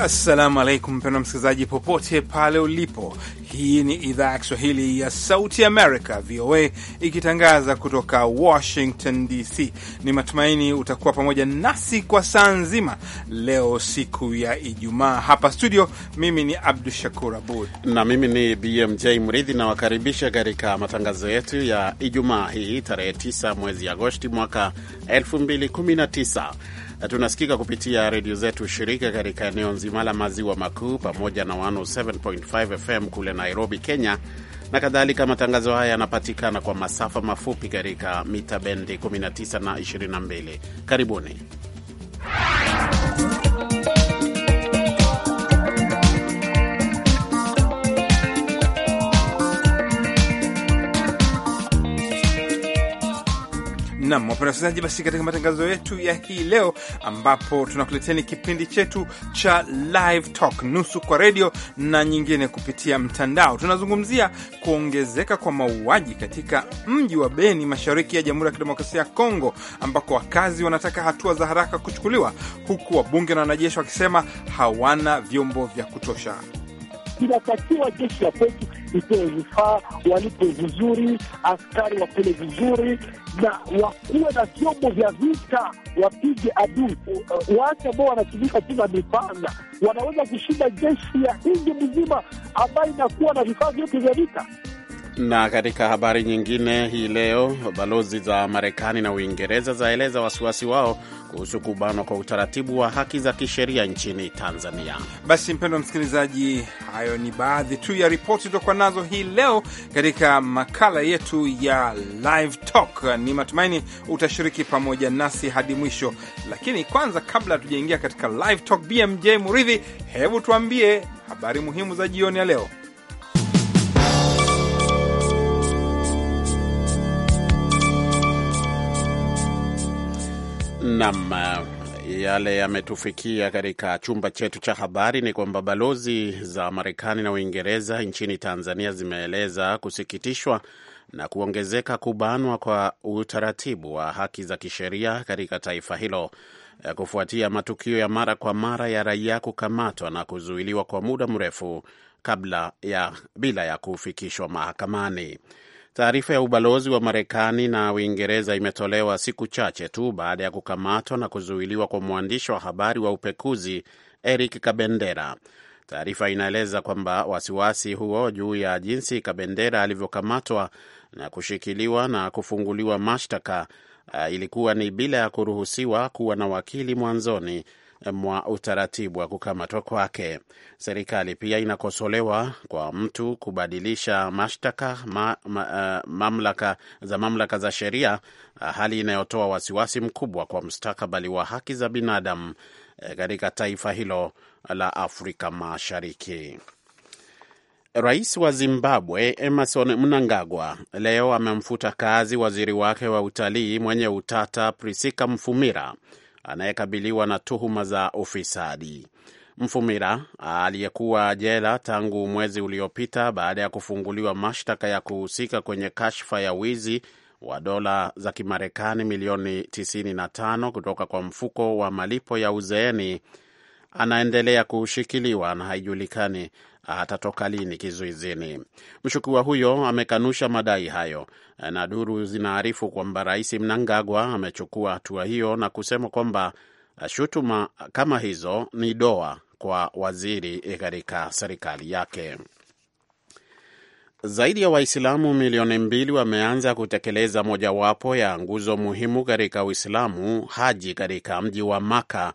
Assalamu alaikum, mpendwa msikilizaji popote pale ulipo. Hii ni idhaa ya Kiswahili ya Sauti Amerika, VOA, ikitangaza kutoka Washington DC. Ni matumaini utakuwa pamoja nasi kwa saa nzima leo, siku ya Ijumaa. Hapa studio, mimi ni Abdu Shakur Abud na mimi ni BMJ Mridhi. Nawakaribisha katika matangazo yetu ya Ijumaa hii tarehe 9 mwezi Agosti mwaka 2019. Tunasikika kupitia redio zetu shirika katika eneo nzima la maziwa makuu pamoja na 107.5 FM kule Nairobi, Kenya na kadhalika. Matangazo haya yanapatikana kwa masafa mafupi katika mita bendi 19 na 22. Karibuni. Nam wapenda wasikilizaji, basi katika matangazo yetu ya hii leo, ambapo tunakuleteni kipindi chetu cha Live Talk, nusu kwa redio na nyingine kupitia mtandao, tunazungumzia kuongezeka kwa mauaji katika mji wa Beni, mashariki ya Jamhuri ya Kidemokrasia ya Kongo, ambako wakazi wanataka hatua za haraka kuchukuliwa, huku wabunge na wanajeshi wakisema hawana vyombo vya kutosha inatakiwa jeshi ya kwetu itoe vifaa, walipe vizuri, askari wapele vizuri, na wakuwe na vyombo vya vita, wapige adui. Waache ambao wanatumika tu na mipanga, wanaweza kushinda jeshi ya nji mzima ambayo inakuwa na vifaa vyote vya vita. Na katika habari nyingine hii leo, balozi za Marekani na Uingereza zaeleza wasiwasi wao kuhusu kubanwa kwa utaratibu wa haki za kisheria nchini Tanzania. Basi mpendwa msikilizaji, hayo ni baadhi tu ya ripoti tutakuwa nazo hii leo katika makala yetu ya Live Talk. Ni matumaini utashiriki pamoja nasi hadi mwisho, lakini kwanza, kabla hatujaingia katika Live Talk, BMJ Muridhi, hebu tuambie habari muhimu za jioni ya leo. Nam, yale yametufikia katika chumba chetu cha habari ni kwamba balozi za Marekani na Uingereza nchini Tanzania zimeeleza kusikitishwa na kuongezeka kubanwa kwa utaratibu wa haki za kisheria katika taifa hilo eh, kufuatia matukio ya mara kwa mara ya raia kukamatwa na kuzuiliwa kwa muda mrefu kabla ya bila ya kufikishwa mahakamani. Taarifa ya ubalozi wa Marekani na Uingereza imetolewa siku chache tu baada ya kukamatwa na kuzuiliwa kwa mwandishi wa habari wa upekuzi Eric Kabendera. Taarifa inaeleza kwamba wasiwasi huo juu ya jinsi Kabendera alivyokamatwa na kushikiliwa na kufunguliwa mashtaka uh, ilikuwa ni bila ya kuruhusiwa kuwa na wakili mwanzoni mwa utaratibu wa kukamatwa kwake. Serikali pia inakosolewa kwa mtu kubadilisha mashtaka ma, ma, uh, mamlaka za mamlaka za sheria, eh, hali inayotoa wasiwasi mkubwa kwa mustakabali wa haki za binadamu eh, katika taifa hilo la Afrika Mashariki. Rais wa Zimbabwe Emerson Mnangagwa leo amemfuta kazi waziri wake wa utalii mwenye utata prisika Mfumira anayekabiliwa na tuhuma za ufisadi. Mfumira aliyekuwa jela tangu mwezi uliopita baada ya kufunguliwa mashtaka ya kuhusika kwenye kashfa ya wizi wa dola za Kimarekani milioni 95 kutoka kwa mfuko wa malipo ya uzeeni anaendelea kushikiliwa na haijulikani atatoka lini kizuizini. Mshukiwa huyo amekanusha madai hayo, na duru zinaarifu kwamba Rais Mnangagwa amechukua hatua hiyo na kusema kwamba shutuma kama hizo ni doa kwa waziri katika serikali yake. Zaidi ya Waislamu milioni mbili wameanza kutekeleza mojawapo ya nguzo muhimu katika Uislamu, haji, katika mji wa Maka,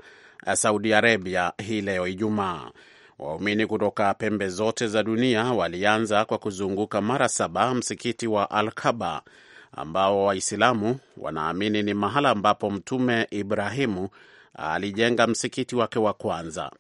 Saudi Arabia hii leo Ijumaa. Waumini kutoka pembe zote za dunia walianza kwa kuzunguka mara saba msikiti wa al ambao Waislamu wanaamini ni mahala ambapo Mtume Ibrahimu alijenga msikiti wake wa kwanza.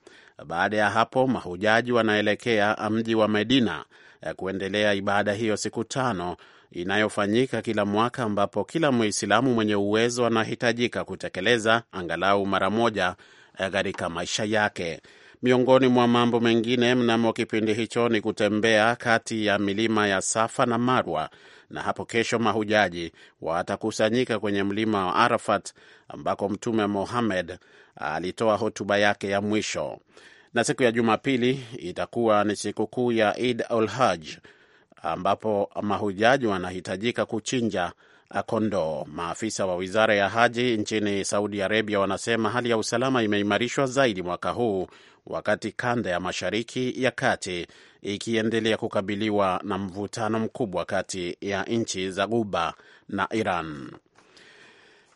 Baada ya hapo, mahujaji wanaelekea mji wa Medina eh, kuendelea ibada hiyo siku tano inayofanyika kila mwaka ambapo kila Muislamu mwenye uwezo anahitajika kutekeleza angalau mara moja eh, katika maisha yake. Miongoni mwa mambo mengine mnamo kipindi hicho ni kutembea kati ya milima ya Safa na Marwa, na hapo kesho mahujaji watakusanyika kwenye mlima wa Arafat ambako Mtume Mohammed alitoa hotuba yake ya mwisho. Na siku ya Jumapili itakuwa ni sikukuu ya Id ul Haj ambapo mahujaji wanahitajika kuchinja kondoo. Maafisa wa wizara ya haji nchini Saudi Arabia wanasema hali ya usalama imeimarishwa zaidi mwaka huu wakati kanda ya Mashariki ya Kati ikiendelea kukabiliwa na mvutano mkubwa kati ya nchi za Guba na Iran.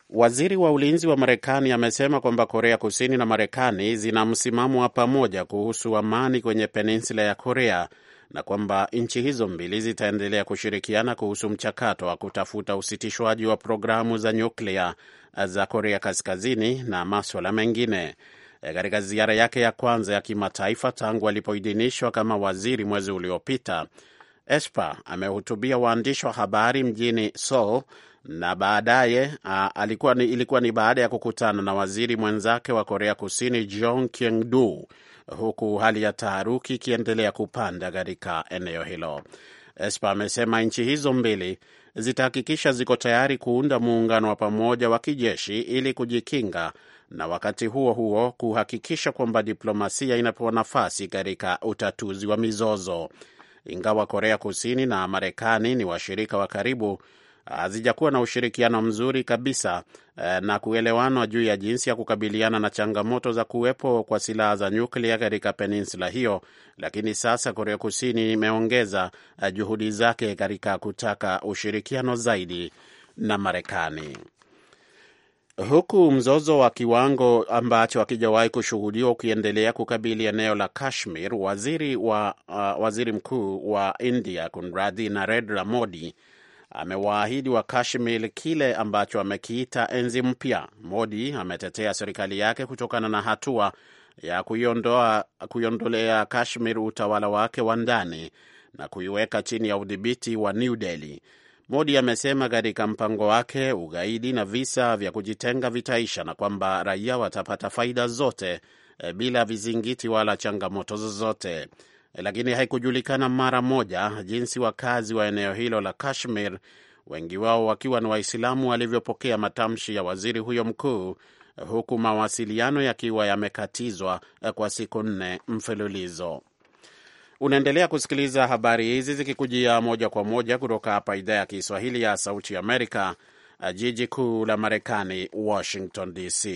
Waziri wa ulinzi wa Marekani amesema kwamba Korea Kusini na Marekani zina msimamo wa pamoja kuhusu amani kwenye peninsula ya Korea na kwamba nchi hizo mbili zitaendelea kushirikiana kuhusu mchakato wa kutafuta usitishwaji wa programu za nyuklia za Korea Kaskazini na maswala mengine. E, katika ziara yake ya kwanza ya kimataifa tangu alipoidhinishwa kama waziri mwezi uliopita. Esper amehutubia waandishi wa habari mjini Seoul na baadaye alikuwa ni, ilikuwa ni baada ya kukutana na waziri mwenzake wa Korea Kusini Jong Kyung Du, huku hali ya taharuki ikiendelea kupanda katika eneo hilo. Esper amesema nchi hizo mbili zitahakikisha ziko tayari kuunda muungano wa pamoja wa kijeshi ili kujikinga na wakati huo huo kuhakikisha kwamba diplomasia inapewa nafasi katika utatuzi wa mizozo. Ingawa Korea Kusini na Marekani ni washirika wa karibu, hazijakuwa na ushirikiano mzuri kabisa eh, na kuelewana juu ya jinsi ya kukabiliana na changamoto za kuwepo kwa silaha za nyuklia katika peninsula hiyo. Lakini sasa Korea Kusini imeongeza eh, juhudi zake katika kutaka ushirikiano zaidi na Marekani huku mzozo wa kiwango ambacho hakijawahi kushuhudiwa ukiendelea kukabili eneo la Kashmir, waziri wa uh, waziri mkuu wa India kunradhi, Narendra Modi amewaahidi wa Kashmir kile ambacho amekiita enzi mpya. Modi ametetea serikali yake kutokana na hatua ya kuiondoa kuiondolea Kashmir utawala wake wa ndani na kuiweka chini ya udhibiti wa New Delhi. Modi amesema katika mpango wake ugaidi na visa vya kujitenga vitaisha na kwamba raia watapata faida zote e, bila vizingiti wala changamoto zozote. E, lakini haikujulikana mara moja jinsi wakazi wa eneo hilo la Kashmir, wengi wao wakiwa ni Waislamu, walivyopokea matamshi ya waziri huyo mkuu, huku mawasiliano yakiwa yamekatizwa eh, kwa siku nne mfululizo. Unaendelea kusikiliza habari hizi zikikujia moja kwa moja kutoka hapa idhaa ya Kiswahili ya Sauti Amerika, jiji kuu la Marekani, Washington DC.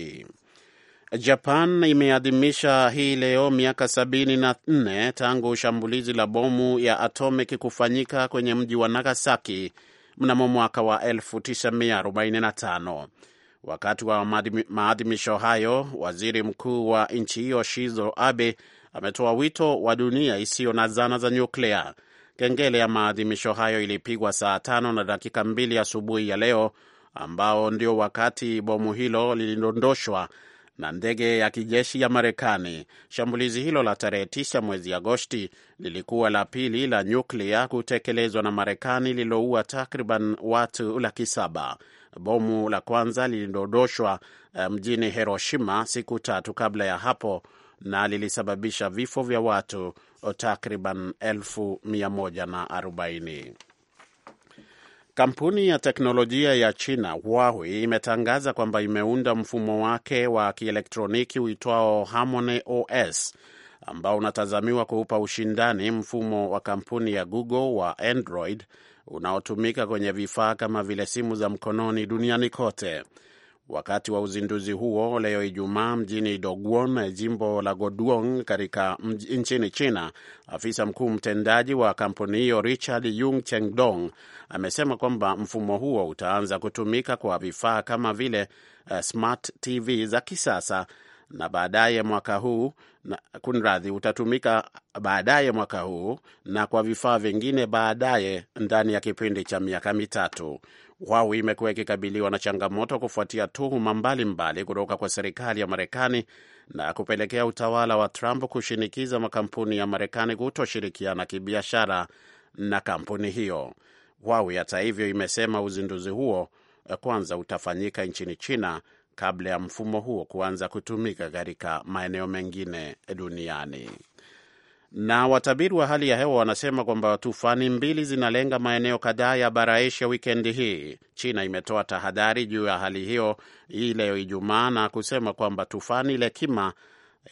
Japan imeadhimisha hii leo miaka 74 tangu shambulizi la bomu ya atomic kufanyika kwenye mji wa Nagasaki mnamo mwaka wa 1945. Wakati wa maadhimisho hayo, waziri mkuu wa nchi hiyo Shizo Abe ametoa wito wa dunia isiyo na zana za nyuklia. Kengele ya maadhimisho hayo ilipigwa saa tano na dakika mbili asubuhi ya, ya leo ambao ndio wakati bomu hilo lilidondoshwa na ndege ya kijeshi ya Marekani. Shambulizi hilo la tarehe tisa mwezi Agosti lilikuwa la pili la nyuklia kutekelezwa na Marekani lililoua takriban watu laki saba. Bomu la kwanza lilidondoshwa eh, mjini Hiroshima siku tatu kabla ya hapo na lilisababisha vifo vya watu takriban elfu mia moja na arobaini. Kampuni ya teknolojia ya China Huawei imetangaza kwamba imeunda mfumo wake wa kielektroniki uitwao Harmony OS ambao unatazamiwa kuupa ushindani mfumo wa kampuni ya Google wa Android unaotumika kwenye vifaa kama vile simu za mkononi duniani kote. Wakati wa uzinduzi huo leo Ijumaa mjini Dogwon, jimbo la goduong katika nchini China, afisa mkuu mtendaji wa kampuni hiyo Richard Yung Chengdong amesema kwamba mfumo huo utaanza kutumika kwa vifaa kama vile uh, smart TV za kisasa na baadaye mwaka huu kunradhi, utatumika baadaye mwaka huu na kwa vifaa vingine baadaye ndani ya kipindi cha miaka mitatu. Huawei imekuwa ikikabiliwa na changamoto kufuatia tuhuma mbalimbali kutoka kwa serikali ya Marekani na kupelekea utawala wa Trump kushinikiza makampuni ya Marekani kutoshirikiana kibiashara na kampuni hiyo. Huawei hata hivyo imesema uzinduzi huo eh, kwanza utafanyika nchini China kabla ya mfumo huo kuanza kutumika katika maeneo mengine duniani. Na watabiri wa hali ya hewa wanasema kwamba tufani mbili zinalenga maeneo kadhaa ya bara Asia wikendi hii. China imetoa tahadhari juu ya hali hiyo hii leo Ijumaa na kusema kwamba tufani Lekima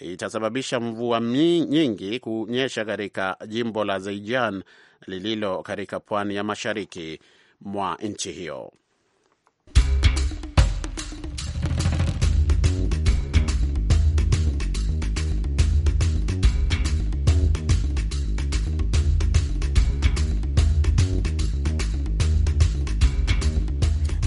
itasababisha mvua nyingi kunyesha katika jimbo la Zaijian lililo katika pwani ya mashariki mwa nchi hiyo.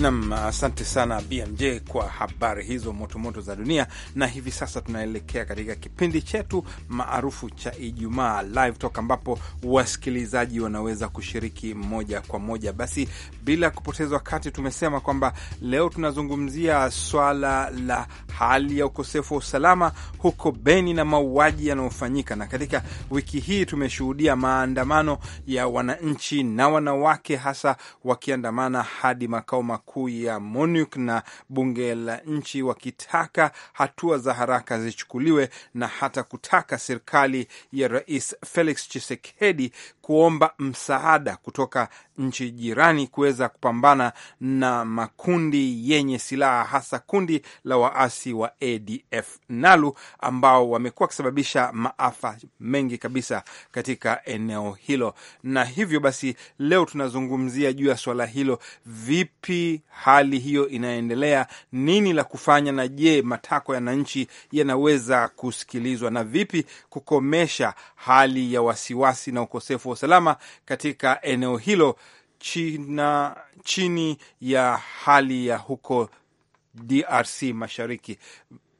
Nam, asante sana BMJ kwa habari hizo motomoto za dunia. Na hivi sasa tunaelekea katika kipindi chetu maarufu cha Ijumaa Live Talk, ambapo wasikilizaji wanaweza kushiriki moja kwa moja. Basi bila kupoteza wakati, tumesema kwamba leo tunazungumzia swala la hali ya ukosefu wa usalama huko Beni na mauaji yanayofanyika, na katika wiki hii tumeshuhudia maandamano ya wananchi na wanawake, hasa wakiandamana hadi makao makuu kuu ya Munich na bunge la nchi wakitaka hatua za haraka zichukuliwe na hata kutaka serikali ya Rais Felix Tshisekedi kuomba msaada kutoka nchi jirani kuweza kupambana na makundi yenye silaha hasa kundi la waasi wa ADF NALU ambao wamekuwa wakisababisha maafa mengi kabisa katika eneo hilo. Na hivyo basi leo tunazungumzia juu ya swala hilo, vipi hali hiyo inaendelea, nini la kufanya, na je, matakwa ya wananchi yanaweza kusikilizwa, na vipi kukomesha hali ya wasiwasi na ukosefu wa usalama katika eneo hilo China, chini ya hali ya huko DRC mashariki.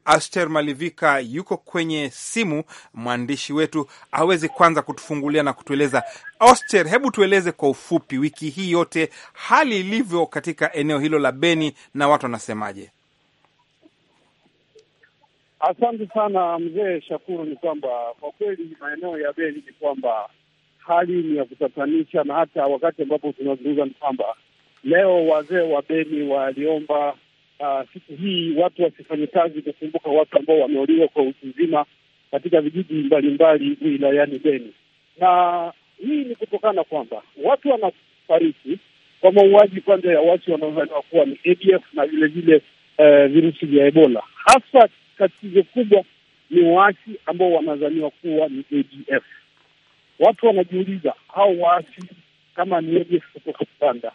Aster Malivika yuko kwenye simu, mwandishi wetu awezi kwanza kutufungulia na kutueleza. Aster, hebu tueleze kwa ufupi, wiki hii yote hali ilivyo katika eneo hilo la Beni na watu wanasemaje? Asante sana mzee Shakuru. Ni kwamba kwa kweli maeneo ya Beni ni kwamba hali ni ya kutatanisha, na hata wakati ambapo tunazungumza ni kwamba leo wazee wa Beni waliomba uh, siku hii watu wasifanye kazi kukumbuka watu ambao wameuliwa kwa utu nzima katika vijiji mbalimbali wilayani Beni, na hii ni kutokana kwamba watu wanafariki kwa mauaji kwanza ya watu wanaozaniwa kuwa ni ADF na vilevile uh, eh, virusi vya Ebola. Hasa tatizo kubwa ni waasi ambao wanazaniwa kuwa ni ADF. Watu wanajiuliza hao waasi kama ni ADF kutoka Uganda,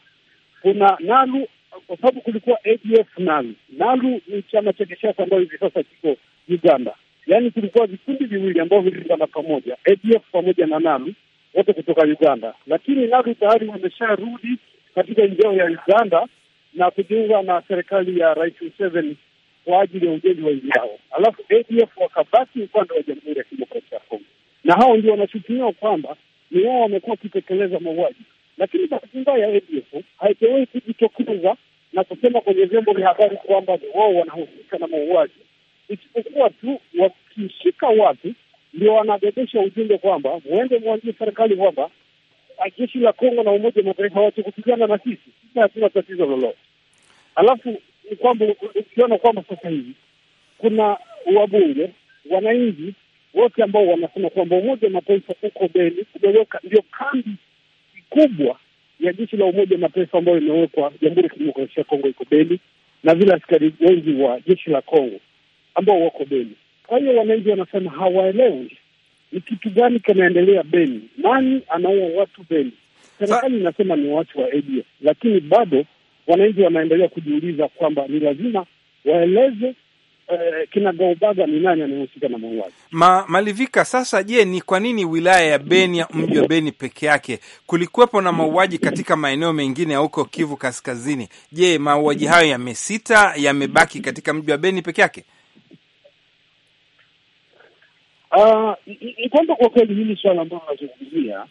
kuna NALU kwa sababu kulikuwa ADF NALU. NALU ni chama cha kisiasa ambayo hivi sasa kiko Uganda. Yaani kulikuwa vikundi viwili ambavyo vilipanda pamoja, ADF pamoja na NALU, wote kutoka Uganda, lakini NALU tayari wamesharudi katika njeo ya Uganda na kujiunga na serikali ya Rais Museveni kwa ajili ya ujenzi wa nchi yao, alafu ADF wakabaki upande wa Jamhuri ya Kidemokrasia ya Kongo, na hao ndio wanashutumiwa kwamba ni wao wamekuwa wakitekeleza mauaji lakini bahati mbaya ADF haijawahi kujitokeza na kusema kwenye vyombo vya habari kwamba wao wanahusika na mauaji, isipokuwa tu wakishika watu ndio wanabebesha ujumbe kwamba muende mwambie serikali kwamba jeshi la Kongo na Umoja wa Mataifa wache kupigana na sisi, sisi hatuna tatizo lolote. Alafu ni kwamba ukiona kwamba sasa hivi kuna wabunge wananchi wote ambao wanasema kwamba Umoja wa Mataifa uko Beni umeweka ndio kambi kubwa ya jeshi la Umoja wa Mataifa ambayo imewekwa Jamhuri ya Kidemokrasia ya Kongo iko Beni na vile askari wengi wa jeshi la Kongo ambao wako Beni. Kwa hiyo wananchi wanasema hawaelewi ni kitu gani kinaendelea Beni, nani anaua watu Beni. Serikali inasema ni watu wa ADF, lakini bado wananchi wanaendelea kujiuliza kwamba ni lazima waeleze Eh, kina kinagaubaga ni nani anayehusika na mauaji Ma, malivika. Sasa je, ni kwa nini wilaya ya Beni, mji wa Beni peke yake kulikuwepo na mauaji katika maeneo mengine ya huko Kivu Kaskazini? Je, mauaji hayo yamesita, yamebaki katika mji wa Beni peke yake? Uh, kwamba kwa kweli hili swala ambalo nazungumzia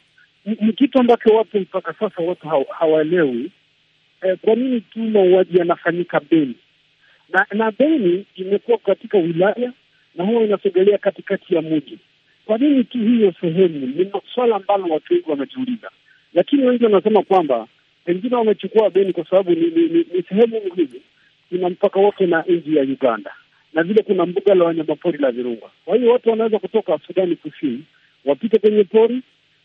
ni kitu ambacho watu mpaka sasa watu hawaelewi, eh, kwa nini tu mauaji yanafanyika Beni na, na Beni imekuwa katika wilaya na huwa inasogelea katikati ya mji. Kwa nini tu hiyo sehemu? Ni swala ambalo watu wengi wanajiuliza, lakini wengi wanasema kwamba pengine wamechukua Beni kwa sababu ni, ni, ni, ni sehemu muhimu, ina mpaka wote na nchi ya Uganda na vile kuna mbuga la wanyamapori la Virunga. Kwa hiyo watu wanaweza kutoka Sudani Kusini wapite kwenye pori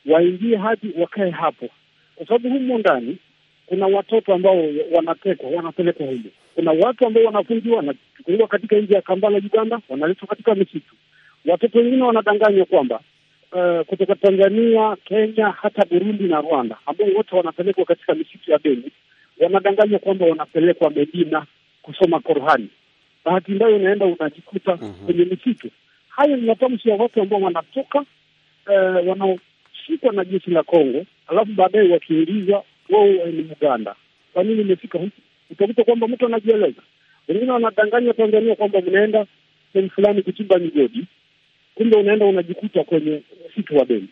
waingie hadi wakae hapo, kwa sababu humo ndani kuna watoto ambao wanatekwa wanapelekwa humo. Kuna watu ambao wanafungiwa wanachukuliwa katika nji ya kambala Uganda, wanaletwa katika misitu. Watoto wengine wanadanganywa kwamba uh, kutoka Tanzania, Kenya, hata Burundi na Rwanda, ambao wote wanapelekwa katika misitu ya Beni, wanadanganywa kwamba wanapelekwa Medina kusoma Korhani. Bahati mbayo unaenda unajikuta mhm. kwenye misitu. Hayo ni matamshi ya watu ambao wanatoka uh, wanaoshikwa na jeshi la Kongo, alafu baadaye wakiulizwa wewe ni Uganda, kwa nini umefika huku? Utakuta kwamba mtu anajieleza, wengine wanadanganya Tanzania kwamba mnaenda sehemu fulani kuchimba migodi, kumbe unaenda unajikuta kwenye msitu wa Beni.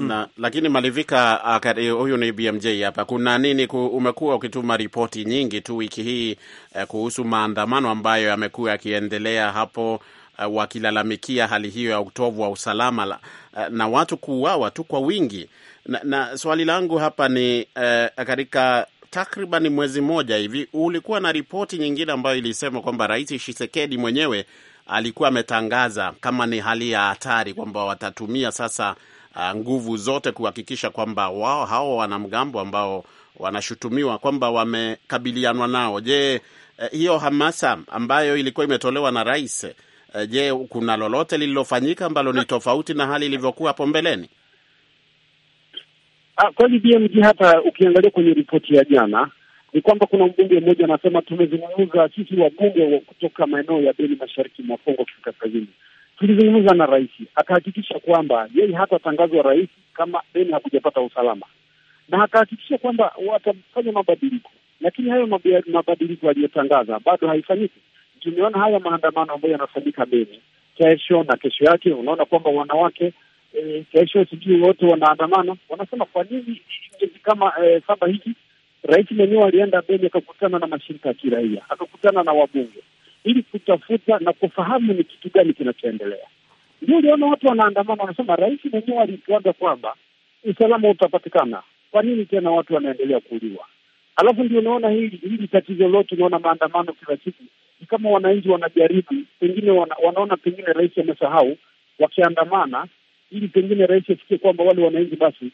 Na, lakini Malivika ah, huyu ni BMJ hapa. Kuna nini ku, umekuwa ukituma ripoti nyingi tu wiki hii eh, kuhusu maandamano ambayo yamekuwa yakiendelea hapo uh, wakilalamikia hali hiyo ya utovu wa usalama uh, na watu kuuawa tu kwa wingi na, na swali langu hapa ni uh, katika takriban mwezi mmoja hivi ulikuwa na ripoti nyingine ambayo ilisema kwamba Rais Tshisekedi mwenyewe alikuwa ametangaza kama ni hali ya hatari kwamba watatumia sasa uh, nguvu zote kuhakikisha kwamba wao hao wanamgambo ambao wanashutumiwa kwamba wamekabilianwa nao. Je, uh, hiyo hamasa ambayo ilikuwa imetolewa na rais Eh, je, kuna lolote lililofanyika ambalo ni tofauti na hali ilivyokuwa hapo mbeleni? Ah, kweli BMG, hata ukiangalia kwenye ripoti ya jana ni kwamba kuna mbunge mmoja anasema, tumezungumza sisi wabunge wa kutoka maeneo ya Beni, mashariki mwa Kongo, Kaskazini, tulizungumza na rais, akahakikisha kwamba yeye hatatangazwa rais kama Beni hakujapata usalama, na akahakikisha kwamba watafanya mabadiliko, lakini hayo mabadiliko aliyotangaza bado haifanyiki tumeona haya maandamano ambayo yanafanyika Beni kesho na kesho yake, unaona kwamba wanawake e, kesho sijui wote wanaandamana, wanasema kwa nini kama e, saba hiki. Rais mwenyewe alienda Beni akakutana na mashirika ya kiraia akakutana na wabunge ili kutafuta na kufahamu ni kitu gani kinachoendelea. Ndio uliona watu wanaandamana, wanasema rais mwenyewe alituaga kwamba usalama utapatikana. Kwa nini tena watu wanaendelea kuuliwa? Alafu ndio unaona hili hili tatizo lote, unaona maandamano kila siku kama wananchi wanajaribu, pengine wana, wanaona pengine rais amesahau, wakiandamana ili pengine rais afikie kwamba wale wananchi basi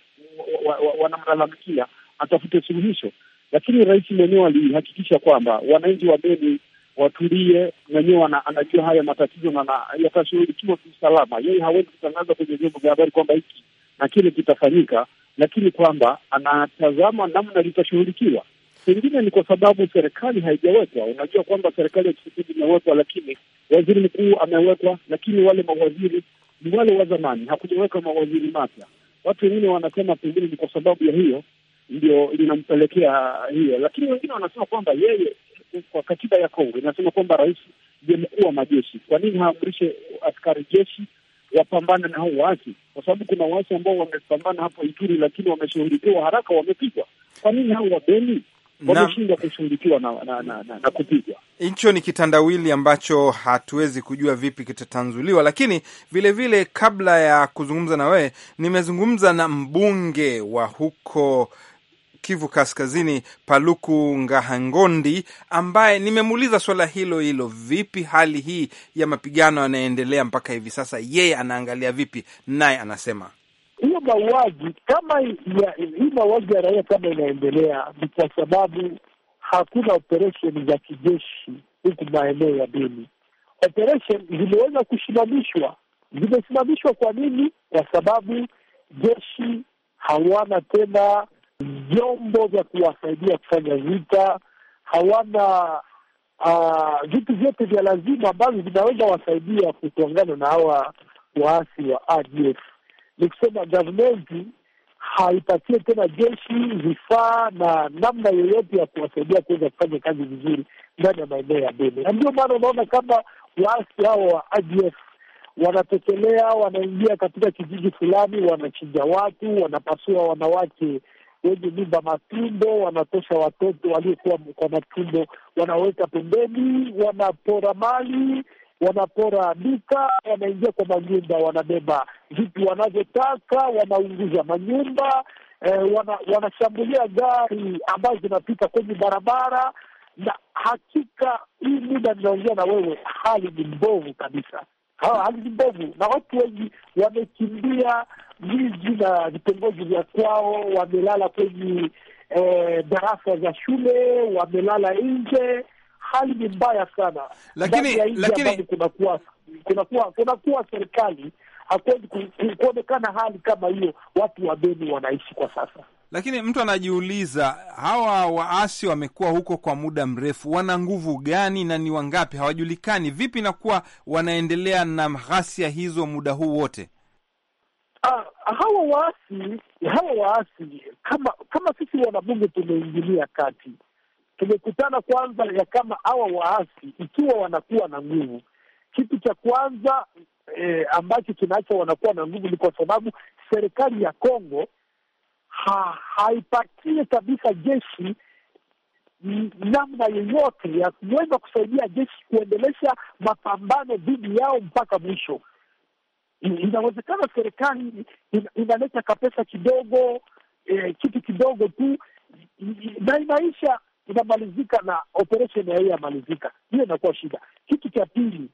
wanamlalamikia wa, wa, atafute suluhisho. Lakini rais mwenyewe alihakikisha kwamba wananchi wa Beni watulie, mwenyewe anajua haya matatizo na yatashughulikiwa kiusalama. Yeye hawezi kutangaza kwenye vyombo vya habari kwamba hiki na kile kitafanyika, lakini kwamba anatazama namna litashughulikiwa. Pengine ni kwa sababu serikali haijawekwa. Unajua kwamba serikali ya Tshisekedi imewekwa, lakini waziri mkuu amewekwa, lakini wale mawaziri ni wale wa zamani, hakujaweka mawaziri mapya. Watu wengine wanasema pengine ni kwa sababu ya hiyo ndio linampelekea hiyo, lakini wengine wanasema kwamba yeye, kwa katiba ya Kongo inasema kwamba rais ndiye mkuu wa majeshi. Kwa nini haamrishe askari jeshi wapambane na hao waasi? Kwa sababu kuna waasi ambao wamepambana hapo Ituri, lakini wameshughulikiwa haraka, wamepigwa. Kwa nini hao wabeni wameshindwa kushughulikiwa na, na, na, na, na kupigwa. Hicho ni kitandawili ambacho hatuwezi kujua vipi kitatanzuliwa, lakini vilevile vile, kabla ya kuzungumza na wewe, nimezungumza na mbunge wa huko Kivu Kaskazini, Paluku Ngahangondi, ambaye nimemuuliza swala hilo hilo, vipi hali hii ya mapigano yanaendelea mpaka hivi sasa, yeye anaangalia vipi, naye anasema hiyo mauaji kama hii mauaji ya raia kama inaendelea, ni kwa sababu hakuna operesheni za kijeshi huku maeneo ya Beni. Operesheni zimeweza kusimamishwa. Zimesimamishwa kwa nini? Kwa sababu jeshi hawana tena vyombo vya kuwasaidia kufanya vita, hawana ah, vitu uh, vyote vya lazima ambavyo vinaweza wasaidia kutongana na hawa waasi wa ADF ni kusema gavumenti haipatie tena jeshi vifaa na namna yoyote ya kuwasaidia kuweza kufanya kazi vizuri ndani ya maeneo ya Beni, na ndio maana unaona kama waasi hao wa ADF wanatokelea, wanaingia katika kijiji fulani, wanachinja watu, wanapasua wanawake wenye mimba matumbo, wanatosha watoto waliokuwa kwa matumbo, wanaweka pembeni, wanapora mali wanapora duka, wanaingia kwa manyumba, wanabeba vitu wanavyotaka, wanaunguza manyumba eh, wana, wanashambulia gari ambazo zinapita kwenye barabara. Na hakika hii muda ninaongea na wewe, hali ni mbovu kabisa. Ha, hali ni mbovu, na watu wengi wamekimbia miji na vitongoji vya kwao, wamelala kwenye eh, darasa za shule, wamelala nje hali ni mbaya sana, lakini lakini kunakuwa kunakuwa kunakuwa serikali hakuwezi kuonekana hali kama hiyo watu wa Beni wanaishi kwa sasa. Lakini mtu anajiuliza hawa waasi wamekuwa huko kwa muda mrefu, wana nguvu gani na ni wangapi? Hawajulikani. Vipi inakuwa wanaendelea na ghasia hizo muda huu wote? Ah, hawa waasi hawa waasi kama kama sisi wanabunge tumeingilia kati tumekutana kwanza ya kama hawa waasi ikiwa wanakuwa na nguvu, kitu cha kwanza e, ambacho kinaacha wanakuwa na nguvu ni kwa sababu serikali ya Kongo ha, haipatie kabisa jeshi namna yeyote ya kuweza kusaidia jeshi kuendelesha mapambano dhidi yao mpaka mwisho. Inawezekana serikali inaleta kapesa kidogo eh, kitu kidogo tu na inaisha inamalizika na operesheni yamalizika hiyo inakuwa shida. Kitu cha pili,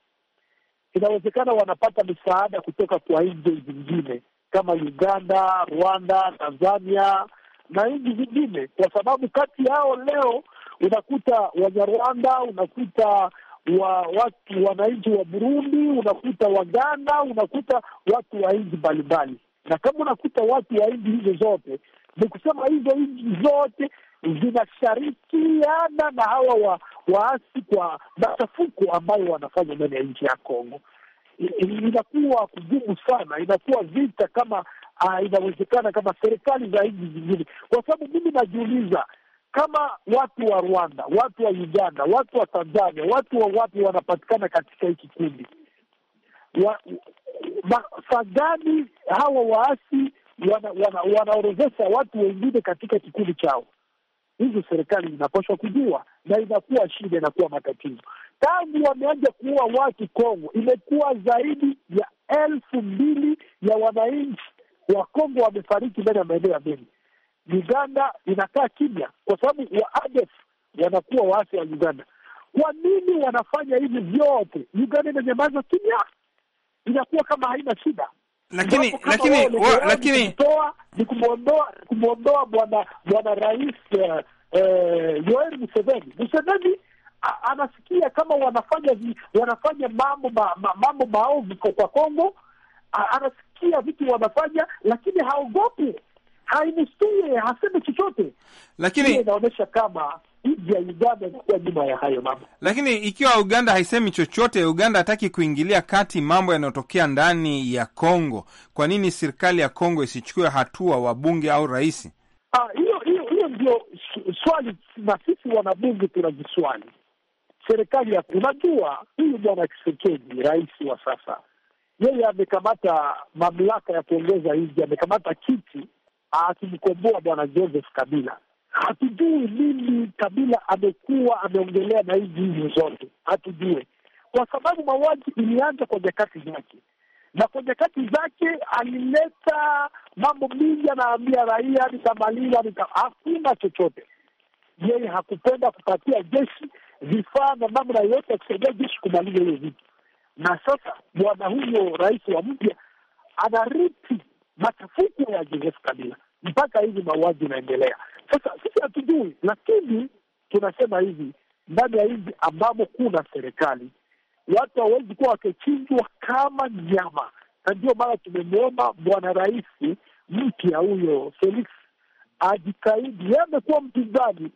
inawezekana wanapata misaada kutoka kwa nchi zingine kama Uganda, Rwanda, Tanzania na nchi zingine, kwa sababu kati yao leo unakuta Wanyarwanda, unakuta wa watu wananchi wa Burundi, unakuta Waganda, unakuta watu wa nchi mbalimbali. Na kama unakuta watu wa nchi hizo zote, ni kusema hizo nchi zote zinasharikiana na hawa wa, waasi kwa machafuko ambayo wanafanya ndani ya nchi ya Kongo. Inakuwa kugumu sana, inakuwa vita kama uh, inawezekana kama serikali za nchi zingine, kwa sababu mimi najiuliza kama watu wa Rwanda, watu wa Uganda, watu wa Tanzania, watu wa wapi wanapatikana katika hii kikundi saa hawa waasi wanaorozesha wana, wana watu wengine katika kikundi chao? hizo serikali zinapaswa kujua, na inakuwa shida, inakuwa matatizo. Tangu wameanja kuua watu Kongo, imekuwa zaidi ya elfu mbili ya wananchi wa Kongo wamefariki ndani ya maeneo ya Beni. Uganda inakaa kimya kwa sababu wa ADF wanakuwa waasi wa Uganda. Kwa nini wanafanya hivi vyote? Uganda inanyamaza kimya, inakuwa kama haina shida. Lakini lakini lakini toa ni kumwondoa kumwondoa bwana bwana rais eh, eh, Yoweri Museveni. Museveni anasikia kama wanafanya zi, wanafanya mambo ma, ma, mambo maovu kwa Kongo, anasikia vitu wanafanya, lakini haogopi, hainustie, haseme chochote, lakini inaonyesha kama nchi ya Uganda kuwa nyuma ya hayo mambo. Lakini ikiwa Uganda haisemi chochote, Uganda hataki kuingilia kati mambo yanayotokea ndani ya Kongo, kwa nini serikali ya Kongo isichukue hatua, wabunge au rais? Ah, hiyo ndio swali, na sisi wanabunge tunajiswali. Serikali ya unajua, huyu bwana Kisekedi, rais wa sasa, yeye amekamata mamlaka ya kuongoza nchi, amekamata kiti akimkomboa bwana Joseph Kabila Hatujui lini Kabila amekuwa ameongelea na hizi hizi zote, hatujue kwa sababu mauaji ilianza kwa nyakati zake, na kwa nyakati zake alileta mambo mingi, anaambia raia nitamaliza, hakuna chochote. Yeye hakupenda kupatia jeshi vifaa na namna yote ya kusaidia jeshi kumaliza hiyo vitu. Na sasa bwana huyo rais wa mpya anariti machafuko ya Joseph Kabila mpaka hivi mauaji inaendelea. Sasa sisi hatujui, lakini tunasema hivi, ndani ya hizi ambamo kuna serikali watu hawezi kuwa wakichinjwa kama nyama, na ndio maana tumemwomba bwana rais mpya huyo Felix ajitahidi. Yeye amekuwa mpinzani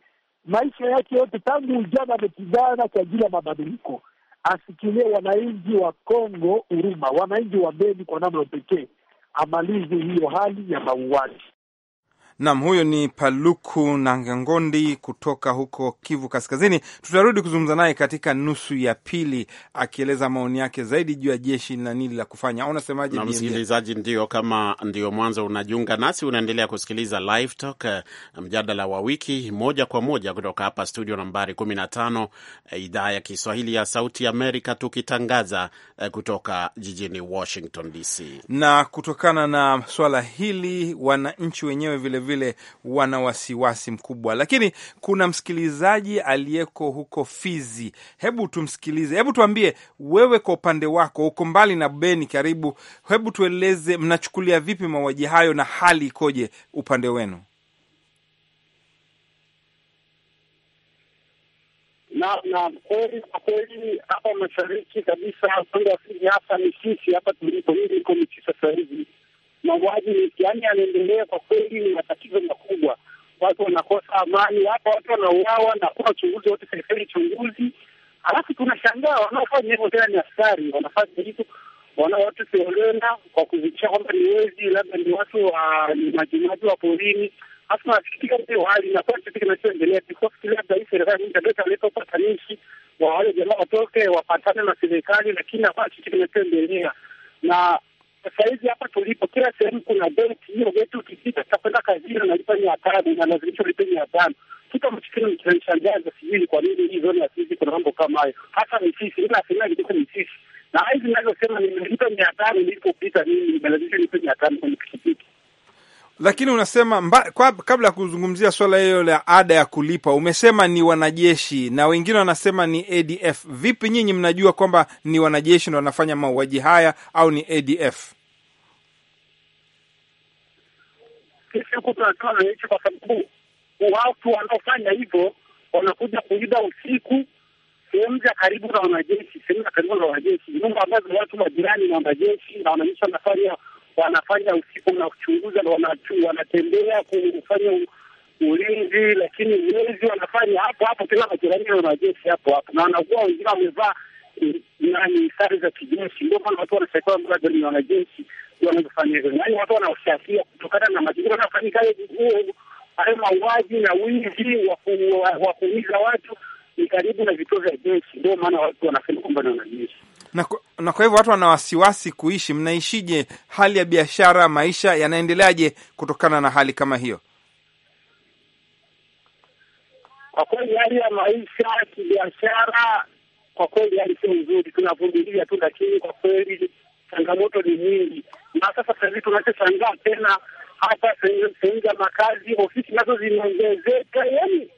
maisha yake yote, tangu ujana amepigana kwa ajili ya mabadiliko, asikilie wananchi wa Kongo huruma, wananchi wa Beni kwa namna pekee, amalize hiyo hali ya mauaji. Nam, huyo ni Paluku na Ngangondi kutoka huko Kivu Kaskazini. Tutarudi kuzungumza naye katika nusu ya pili, akieleza maoni yake zaidi juu ya jeshi na nini la kufanya, au unasemaje? msikilizaji, ndio kama ndio mwanzo unajiunga nasi, unaendelea kusikiliza Live Talk, eh, mjadala wa wiki, moja kwa moja kutoka hapa studio nambari 15 eh, idhaa ya Kiswahili ya Sauti Amerika, tukitangaza eh, kutoka jijini Washington DC. Na kutokana na swala hili wananchi wenyewe vile vile wana wasiwasi mkubwa. Lakini kuna msikilizaji aliyeko huko Fizi, hebu tumsikilize. Hebu tuambie wewe, kwa upande wako, uko mbali na Beni, karibu, hebu tueleze mnachukulia vipi mauaji hayo na hali ikoje upande wenu? na kweli kwa kweli, hapa mashariki kabisa upande wa Fizi, hasa sisi hapa tulipo, mimi niko Misisi sasa hivi mauaji mitiani yanaendelea. Kwa kweli ni matatizo makubwa, watu wanakosa amani hapa, watu wanauawa na kuna uchunguzi wote, serikali uchunguzi, halafu tunashangaa wanaofanya hivyo tena ni askari, wanafanya hivyo wana watu kiolena kwa kuzikisha kwamba ni wezi, labda ni watu wa majimaji wa porini. Hasa nasikitika ndio hali kwa kitu kinachoendelea. Tulikuwa labda hii serikali mtu ndio italeta upatanishi wa wale jamaa watoke wapatane na serikali, lakini hakuna kitu kinachoendelea na sasa hivi hapa tulipo, kila sehemu kuna benki hiyo yetu, ukipita tutakwenda kazini, unalipa mia tano, inalazimisha ulipe mia tano. Kitu ambacho kinanishangaza, sijui ni kwa nini hii zoni ya sisi kuna mambo kama hayo, hasa misisi, ila asilimia ilikuwa misisi, na hizi nazosema nimelipa mia tano nilipopita, mimi nimelazimisha nipe mia tano kwenye pikipiki lakini unasema mba, kwa, kabla ya kuzungumzia swala hilo la ada ya kulipa, umesema ni wanajeshi na wengine wanasema ni ADF. Vipi nyinyi mnajua kwamba ni wanajeshi ndo wanafanya mauaji haya au ni ADF? kwa sababu watu wanaofanya hivyo wanakuja kuiba usiku sehemu za karibu na wanajeshi, sehemu za karibu na wanajeshi, nyumba ambazo watu majirani na wanajeshi na wananchi wanafanya wanafanya usiku na kuchunguza na wanatembea kufanya ulinzi, lakini wezi wanafanya hapo hapo tena, majirani na wanajeshi hapo hapo, na wanakuwa wengine wamevaa mm, nani sare za kijeshi. Ndio maana watu wanasaikiwa kwamba ni wanajeshi wanaofanya hivyo, yaani watu wanaoshakia kutokana na mazingira huo hayo mauaji na wizi wa kuumiza watu ni karibu na vituo vya jeshi. Ndio maana watu wanasema kwamba ni wanajeshi na, na kwa hivyo watu wana wasiwasi kuishi. Mnaishije? hali ya biashara, maisha yanaendeleaje kutokana na hali kama hiyo? Kwa kweli hali ya maisha kibiashara, kwa kweli hali sio nzuri, tunavumilia tu, lakini kwa kweli changamoto ni nyingi. Na sasa sahivi tunachoshangaa tena hata sehemu za makazi, ofisi nazo zimeongezeka, yani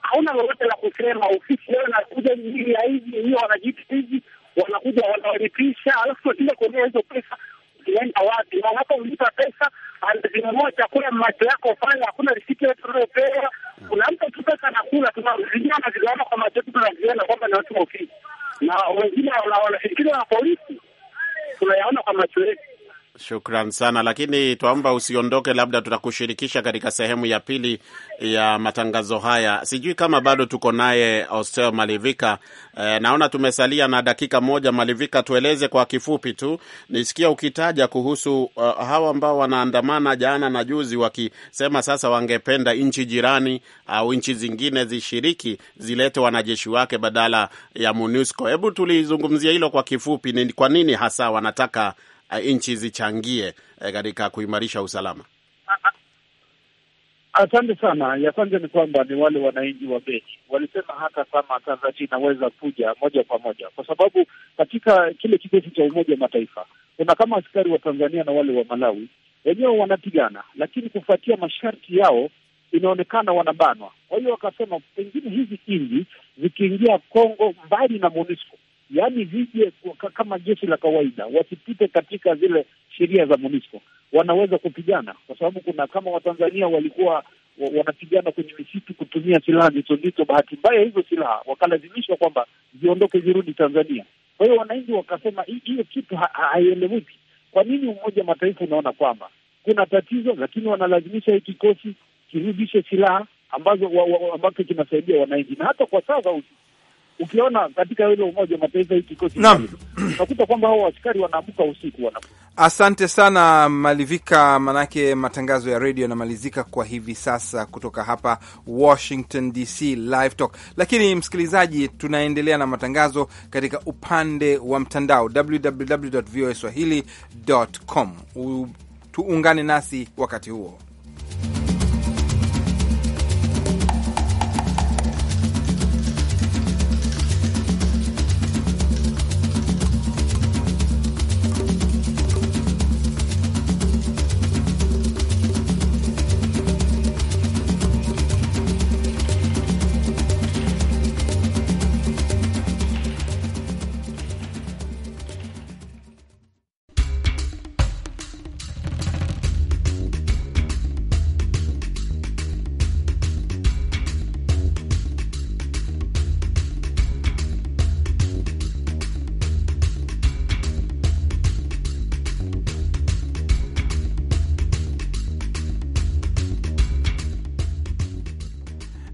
hauna lolote la kusema. Ofisi leo inakuja hivi hiyo, wanajiti hivi, wanakuja wanawalipisha, alafu tunakuja kuongea hizo pesa zinaenda wapi? Na unapomlipa pesa anazinunua chakula macho yako pale, hakuna risiti yote unayopewa. Kuna mtu tu pesa anakula, tunazingia anazigawana kwa macho tu, tunaziona kwamba ni watu wa ofisi, na wengine wanafikiri wa polisi, tunayaona kwa macho yetu. Shukran sana, lakini twaomba usiondoke, labda tutakushirikisha katika sehemu ya pili ya matangazo haya. Sijui kama bado tuko naye Ostel Malivika. E, naona tumesalia na dakika moja. Malivika, tueleze kwa kifupi tu, nisikia ukitaja kuhusu uh, eh, hawa ambao wanaandamana jana na juzi, wakisema sasa wangependa nchi jirani au uh, nchi zingine zishiriki, zilete wanajeshi wake badala ya MONUSCO. Hebu tulizungumzia hilo kwa kifupi, ni kwa nini hasa wanataka Eh, nchi zichangie eh, katika kuimarisha usalama? Asante sana. Ya kwanza ni kwamba ni wale wananchi wa Beni walisema hata kama Tanzania inaweza kuja moja kwa moja, kwa sababu katika kile kikosi cha Umoja wa Mataifa kuna kama askari wa Tanzania na wale wa Malawi wenyewe wanapigana, lakini kufuatia masharti yao inaonekana wanabanwa. Kwa hiyo wakasema pengine hizi nchi zikiingia Kongo mbali na MONUSCO yaani vije kama jeshi la kawaida, wasipite katika zile sheria za MONUSCO. Wanaweza kupigana kwa sababu kuna kama Watanzania walikuwa wanapigana kwenye misitu kutumia silaha ndizo ndizo, Bahati mbaya hizo silaha wakalazimishwa kwamba ziondoke zirudi Tanzania. Kwa hiyo wananchi wakasema hiyo kitu haieleweki. Kwa nini Umoja Mataifa unaona kwamba kuna tatizo, lakini wanalazimisha hii kikosi kirudishe silaha ambazo ambacho kinasaidia wananchi, na hata kwa sasa ukiona katika ile Umoja wa Mataifa hii kikosi unakuta kwamba hao askari wanaamka usiku wana. Asante sana Malivika, manake matangazo ya redio yanamalizika kwa hivi sasa kutoka hapa Washington DC Live Talk, lakini msikilizaji, tunaendelea na matangazo katika upande wa mtandao www.voaswahili.com. Tuungane nasi wakati huo.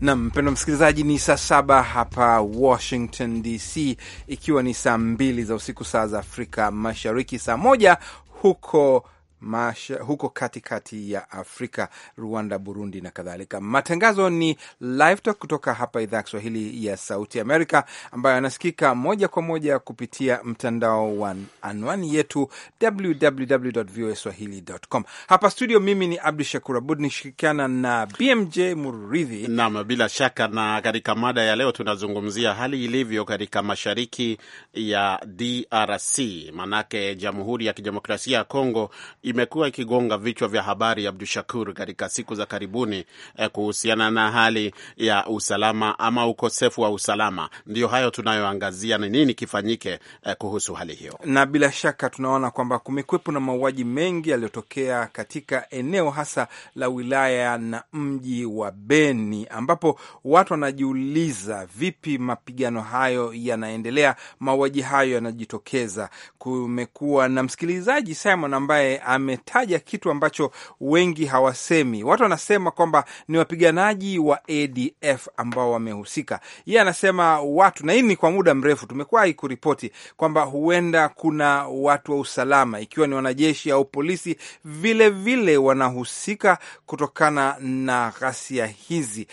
Nam mpendo msikilizaji, ni saa saba hapa Washington DC, ikiwa ni saa mbili za usiku saa za Afrika Mashariki, saa moja huko Masha, huko katikati kati ya Afrika, Rwanda, Burundi na kadhalika. Matangazo ni live talk kutoka hapa idhaa ya Kiswahili ya Sauti Amerika, ambayo yanasikika moja kwa moja kupitia mtandao wa anwani yetu www.voaswahili.com. Hapa studio, mimi ni Abdu Shakur Abud nishirikiana na BMJ Muridhi nam. Bila shaka, na katika mada ya leo tunazungumzia hali ilivyo katika mashariki ya DRC, manake Jamhuri ya Kidemokrasia ya Kongo imekuwa ikigonga vichwa vya habari, Abdu Shakur, katika siku za karibuni eh, kuhusiana na hali ya usalama ama ukosefu wa usalama. ndio hayo tunayoangazia, ni nini kifanyike eh, kuhusu hali hiyo, na bila shaka tunaona kwamba kumekwepo na mauaji mengi yaliyotokea katika eneo hasa la wilaya na mji wa Beni, ambapo watu wanajiuliza vipi mapigano hayo yanaendelea, mauaji hayo yanajitokeza. Kumekuwa na msikilizaji Simon ambaye ametaja kitu ambacho wengi hawasemi. Watu wanasema kwamba ni wapiganaji wa ADF ambao wamehusika. Yeye anasema watu, na hii ni kwa muda mrefu tumekuwa kuripoti kwamba huenda kuna watu wa usalama, ikiwa ni wanajeshi au polisi, vilevile vile wanahusika kutokana na ghasia hizi.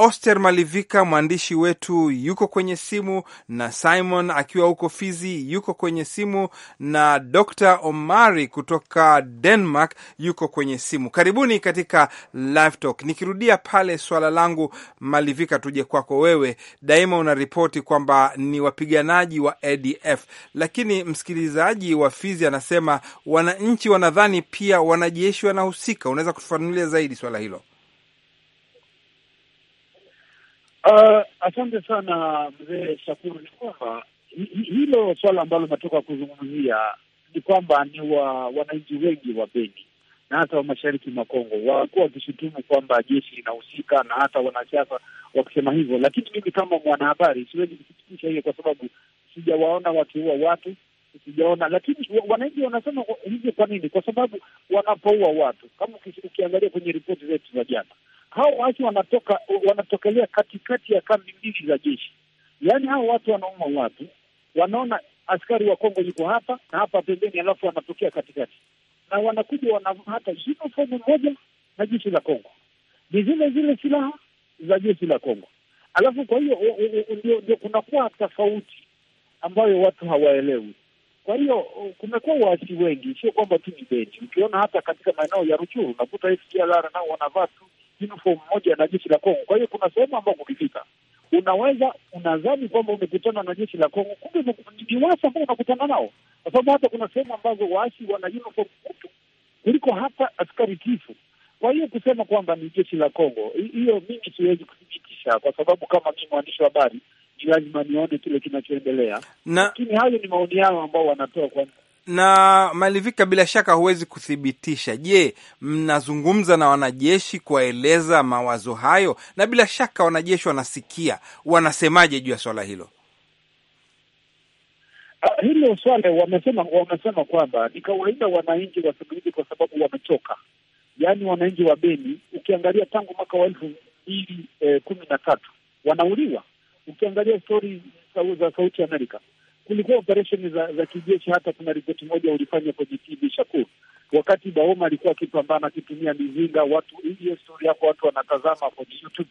Oster Malivika mwandishi wetu yuko kwenye simu na Simon akiwa huko Fizi yuko kwenye simu na Dr Omari kutoka Denmark yuko kwenye simu. Karibuni katika Live Talk. Nikirudia pale swala langu, Malivika, tuje kwako wewe. Daima unaripoti kwamba ni wapiganaji wa ADF, lakini msikilizaji wa Fizi anasema wananchi wanadhani pia wanajeshi wanahusika. Unaweza kutufanulia zaidi swala hilo? Uh, asante sana mzee Shakuru. Ni kwamba hilo swala ambalo umetoka kuzungumzia ni kwamba ni wa wananchi wengi wa Beni na hata wa mashariki mwa Kongo wakuwa wakishutumu kwamba jeshi linahusika na hata wanasiasa wakisema hivyo, lakini mimi kama mwanahabari siwezi kuthibitisha hiyo kwa sababu sijawaona wakiua watu, sijaona. Lakini wananchi wanasema hivyo. Kwa nini? Kwa sababu wanapoua watu, kama ukiangalia kwenye ripoti zetu za jana hao watu wanatoka wanatokelea katikati ya kambi mbili za jeshi. Yaani hao watu wanauma watu, wanaona askari wa Kongo yuko hapa na hapa pembeni, alafu wanatokea katikati na wanakuja wanavaa hata uniform moja na jeshi la Kongo, ni zile zile silaha za jeshi la Kongo. Alafu kwa hiyo ndio kunakuwa tofauti ambayo watu hawaelewi. Kwa hiyo kumekuwa waasi wengi, sio kwamba tu ni Beni. Ukiona hata katika maeneo ya Ruchuru unakuta FDLR nao wanavaa tu uniform moja na jeshi la Kongo. Kwa hiyo kuna sehemu ambao kukifika unaweza unadhani kwamba umekutana na jeshi la Kongo, kumbe ni waasi ambao unakutana nao, kwa sababu hata kuna sehemu ambazo waasi wana uniform mtu kuliko hata askari tifu. Kwa hiyo kusema kwamba ni jeshi la Kongo, hiyo mimi siwezi kuthibitisha, kwa sababu kama mimi mwandishi wa habari ni lazima nione kile kinachoendelea, lakini hayo ni maoni yao ambao wanatoa kwa na Malivika, bila shaka huwezi kuthibitisha. Je, mnazungumza na wanajeshi kuwaeleza mawazo hayo? Na bila shaka wanajeshi wanasikia, wanasemaje juu ya swala hilo? Uh, hilo swala wamesema, wamesema kwamba ni kawaida wananchi wasikilize kwa sababu wamechoka. Yaani wananchi wa Beni ukiangalia tangu mwaka wa elfu mbili eh, kumi na tatu wanauliwa. Ukiangalia stori za Sauti Amerika kulikuwa operesheni za, za kijeshi. Hata kuna ripoti moja ulifanya kwenye TV shakuru wakati baoma alikuwa akipambana akitumia mizinga. Watu hiyo stori yako watu wanatazama kwenye YouTube,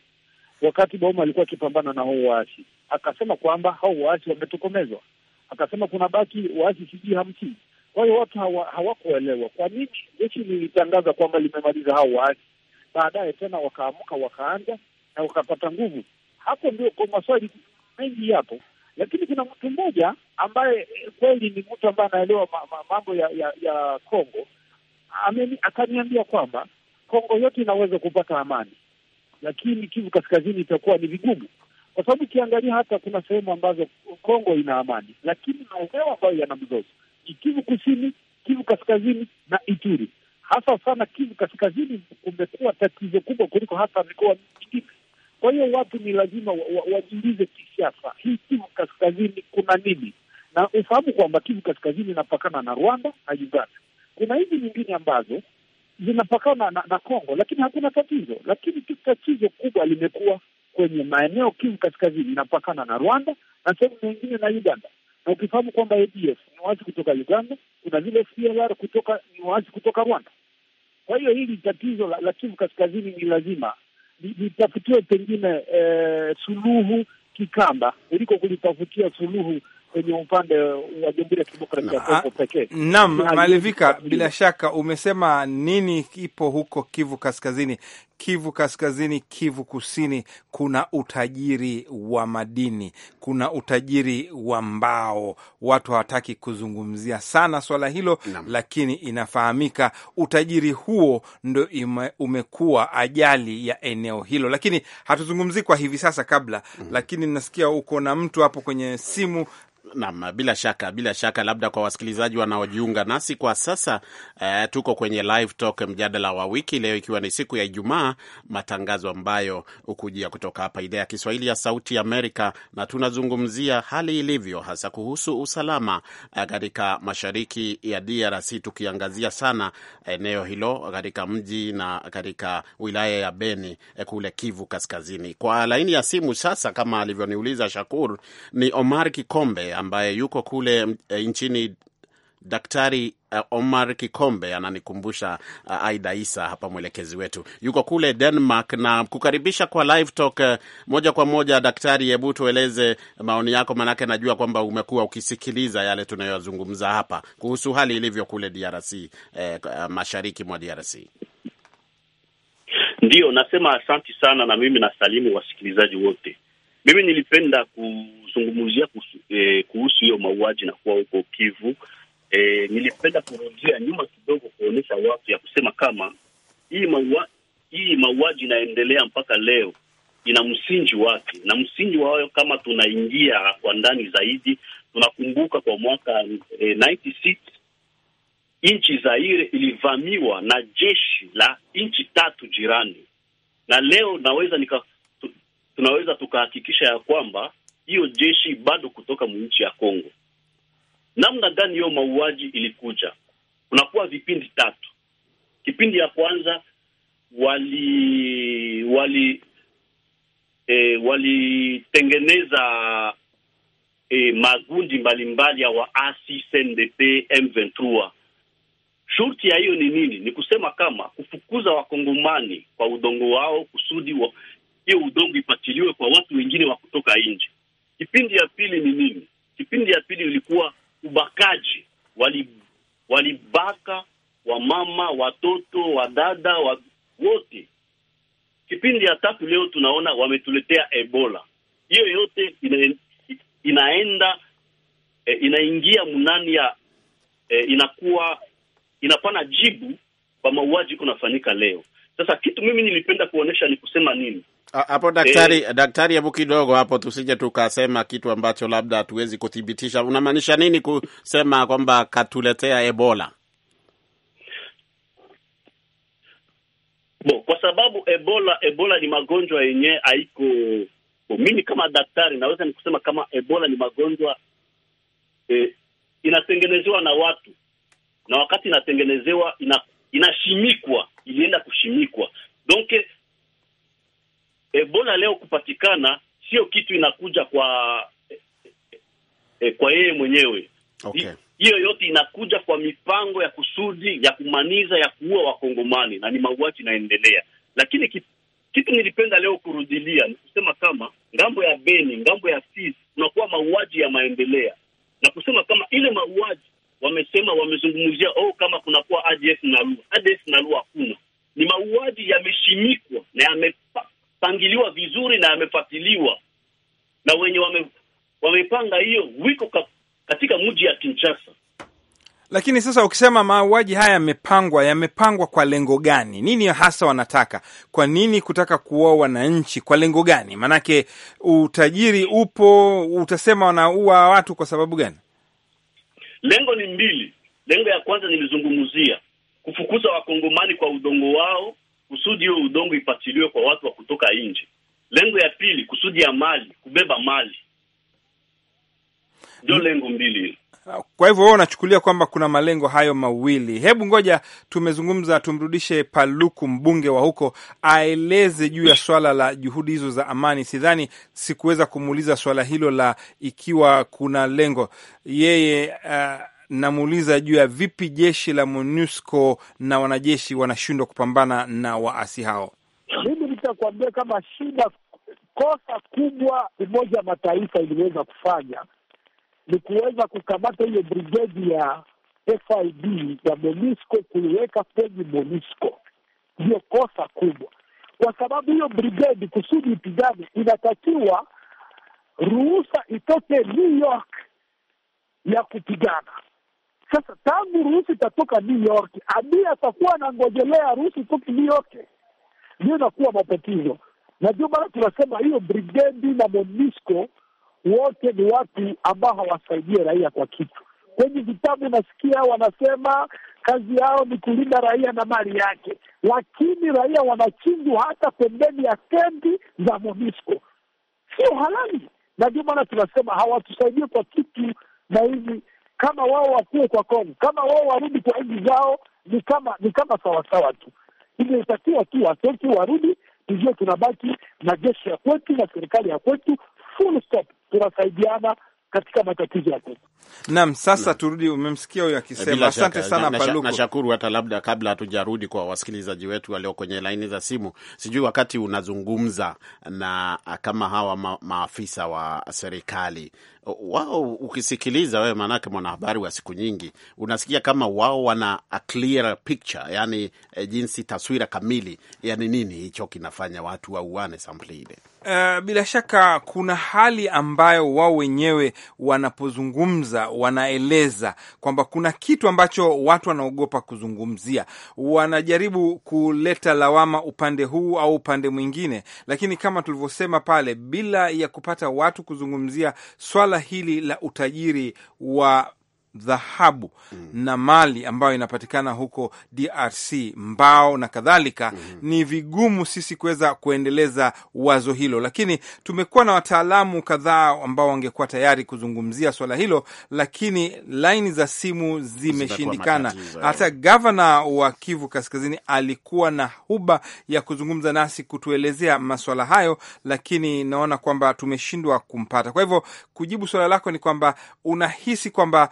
wakati baoma alikuwa akipambana na hao waasi, akasema kwamba hao waasi wametokomezwa, akasema kuna baki waasi sijui hamsini. Kwa hiyo watu hawa, hawakuelewa kwa nini jeshi lilitangaza kwamba limemaliza hao waasi, baadaye tena wakaamuka wakaanja na wakapata nguvu. Hapo ndio kwa maswali mengi yapo. Lakini kuna mtu mmoja ambaye eh, kweli ni mtu ambaye anaelewa mambo ya ya, ya Kongo akaniambia kwamba Kongo yote inaweza kupata amani, lakini Kivu Kaskazini itakuwa ni vigumu, kwa sababu ukiangalia hata kuna sehemu ambazo Kongo ina amani, lakini maeneo ambayo yana mzozo ni Kivu Kusini, Kivu Kaskazini na Ituri. Hasa sana Kivu Kaskazini kumekuwa tatizo kubwa kuliko hata mikoa mingine. Kwa hiyo watu ni lazima wajiulize kisiasa, hii Kivu Kaskazini kuna nini? Na ufahamu kwamba Kivu Kaskazini inapakana na Rwanda na Uganda. Kuna hizi nyingine ambazo zinapakana na, na Kongo, lakini hakuna tatizo. Lakini tatizo kubwa limekuwa kwenye maeneo Kivu Kaskazini inapakana na Rwanda na sehemu nyingine na Uganda, na ukifahamu kwamba ADF ni waasi kutoka Uganda, kuna vile FDLR kutoka ni waasi kutoka Rwanda. Kwa hiyo hili tatizo la, la Kivu Kaskazini ni lazima litafutiwe pengine e, suluhu kikanda kuliko kulitafutia suluhu kwenye upande wa Jamhuri ya Kidemokrasia ya Kongo ah, pekee. Naam, Malivika, bila shaka umesema nini kipo huko Kivu Kaskazini. Kivu Kaskazini, Kivu Kusini, kuna utajiri wa madini, kuna utajiri wa mbao. Watu hawataki kuzungumzia sana swala hilo Nam. lakini inafahamika utajiri huo ndo umekuwa ajali ya eneo hilo, lakini hatuzungumzii kwa hivi sasa kabla mm, lakini nasikia uko na mtu hapo kwenye simu. Nam, bila shaka, bila shaka, labda kwa wasikilizaji wanaojiunga nasi kwa sasa, uh, tuko kwenye live talk, mjadala wa wiki leo, ikiwa ni siku ya Ijumaa matangazo ambayo hukujia kutoka hapa idhaa ya Kiswahili ya Sauti Amerika, na tunazungumzia hali ilivyo hasa kuhusu usalama eh, katika mashariki ya DRC, tukiangazia sana eh, eneo hilo katika mji na katika wilaya ya Beni eh, kule Kivu Kaskazini. Kwa laini ya simu sasa, kama alivyoniuliza Shakur, ni Omar Kikombe ambaye yuko kule nchini Daktari uh, Omar Kikombe ananikumbusha uh, Aida Isa hapa mwelekezi wetu yuko kule Denmark na kukaribisha kwa live talk uh, moja kwa moja. Daktari, hebu tueleze maoni yako, manake najua kwamba umekuwa ukisikiliza yale tunayozungumza hapa kuhusu hali ilivyo kule DRC, eh, uh, mashariki mwa DRC. Ndiyo, nasema asanti sana, na mimi nasalimu wasikilizaji wote. Mimi nilipenda kuzungumzia kuhusu eh, hiyo eh, mauaji na kuwa huko Kivu E, nilipenda kurudia nyuma kidogo kuonyesha watu ya kusema kama hii maua, hii mauaji inaendelea mpaka leo ina msingi wake, na msingi wao kama tunaingia kwa ndani zaidi, tunakumbuka kwa mwaka e, 96 nchi Zaire ilivamiwa na jeshi la nchi tatu jirani, na leo naweza nika, tu, tunaweza tukahakikisha ya kwamba hiyo jeshi bado kutoka mu nchi ya Kongo namna gani hiyo mauaji ilikuja. Kunakuwa vipindi tatu. Kipindi ya kwanza wali wali e, walitengeneza e, magundi mbalimbali ya waasi CNDP M23. Shurti ya hiyo ni nini? Ni kusema kama kufukuza wakongomani kwa udongo wao kusudi wa hiyo udongo ipatiliwe kwa watu wengine wa kutoka nje. Kipindi ya pili ni nini? Kipindi ya pili ilikuwa ubakaji, walibaka wali wamama, watoto, wadada wa wote. Kipindi ya tatu leo tunaona wametuletea Ebola. Hiyo yote ina, inaenda eh, inaingia munani ya eh, inakuwa inapana jibu kwa mauaji kunafanyika leo. Sasa kitu mimi nilipenda kuonyesha ni kusema nini hapo daktari e, daktari, hebu kidogo hapo, tusije tukasema kitu ambacho labda hatuwezi kuthibitisha. Unamaanisha nini kusema kwamba katuletea Ebola? Bo, kwa sababu Ebola Ebola ni magonjwa yenyewe haiko. Mimi kama daktari naweza nikusema kama Ebola ni magonjwa e, inatengenezewa na watu, na wakati inatengenezewa ina, inashimikwa ilienda kushimikwa donke Ebola eh, leo kupatikana sio kitu inakuja kwa e, kwa yeye mwenyewe okay. Hiyo yote inakuja kwa mipango ya kusudi ya kumaniza ya kuua Wakongomani na ni mauaji inaendelea, lakini kitu, kitu nilipenda leo kurudilia ni kusema kama ngambo ya Beni, ngambo ya Fizi kunakuwa mauaji ya maendelea na kusema kama ile mauaji wamesema wamezungumzia, oh, kama kunakuwa ADF na Lua. ADF na Lua hakuna, ni mauaji yameshimikwa na yame yamepangiliwa vizuri na yamefuatiliwa na wenye wame, wamepanga hiyo wiko ka, katika mji ya Kinshasa. Lakini sasa ukisema mauaji haya yamepangwa, yamepangwa kwa lengo gani? Nini hasa wanataka? Kwa nini kutaka kuua wananchi? Kwa lengo gani? Maanake utajiri upo, utasema wanaua watu kwa sababu gani? Lengo ni mbili. Lengo ya kwanza nilizungumzia kufukuza wakongomani kwa udongo wao kusudi hiyo udongo ipatiliwe kwa watu wa kutoka nje. Lengo ya pili, kusudi ya mali, kubeba mali, ndio lengo mbili hilo. Kwa hivyo wewe unachukulia kwamba kuna malengo hayo mawili. Hebu ngoja tumezungumza, tumrudishe Paluku, mbunge wa huko, aeleze juu ya swala la juhudi hizo za amani. Sidhani sikuweza kumuuliza swala hilo la ikiwa kuna lengo yeye, uh, namuuliza juu ya vipi jeshi la MONUSCO na wanajeshi wanashindwa kupambana na waasi hao. Mimi nitakuambia kama shida, kosa kubwa Umoja wa Mataifa iliweza kufanya ni kuweza kukamata hiyo brigedi ya FIB ya MONUSCO kuiweka kwenye MONUSCO, ndiyo kosa kubwa, kwa sababu hiyo brigedi kusudi ipigane inatakiwa ruhusa itoke New York ya kupigana sasa tangu Rusi itatoka New York, Abiy atakuwa anangojelea Rusi itoke New York, ndio inakuwa matatizo. Na ndio maana tunasema hiyo brigedi na MONUSCO wote ni watu ambao hawasaidie raia kwa kitu. Kwenye vitabu nasikia wanasema kazi yao ni kulinda raia na mali yake, lakini raia wanachinjwa hata pembeni ya kendi za MONUSCO, sio halali. Na ndio maana tunasema hawatusaidie kwa kitu na hivi kama wao wakuwe kwa Kongo, kama wao warudi kwa nchi zao, ni kama ni kama sawasawa tu. Imetakiwa tu watoki warudi, tujue tunabaki na jeshi ya kwetu na serikali ya kwetu, full stop, tunasaidiana katika matatizo ya kwetu. Naam, sasa turudi. Umemsikia huyo akisema. Asante sana Paluku. Nashukuru. Hata labda kabla hatujarudi kwa wasikilizaji wetu walio kwenye laini za simu, sijui wakati unazungumza na kama hawa ma, maafisa wa serikali wao ukisikiliza wewe, maanake mwanahabari wa siku nyingi, unasikia kama wao wana a clear picture, yani e, jinsi taswira kamili, yani nini hicho kinafanya watu wauane sampli ile. Uh, bila shaka kuna hali ambayo wao wenyewe wanapozungumza wanaeleza kwamba kuna kitu ambacho watu wanaogopa kuzungumzia, wanajaribu kuleta lawama upande huu au upande mwingine, lakini kama tulivyosema pale, bila ya kupata watu kuzungumzia swala suala hili la utajiri wa dhahabu mm. na mali ambayo inapatikana huko DRC, mbao na kadhalika mm -hmm. Ni vigumu sisi kuweza kuendeleza wazo hilo, lakini tumekuwa na wataalamu kadhaa ambao wangekuwa tayari kuzungumzia swala hilo, lakini laini za simu zimeshindikana. Hata eh. gavana wa Kivu Kaskazini alikuwa na huba ya kuzungumza nasi kutuelezea maswala hayo, lakini naona kwamba tumeshindwa kumpata. Kwa hivyo kujibu swala lako ni kwamba unahisi kwamba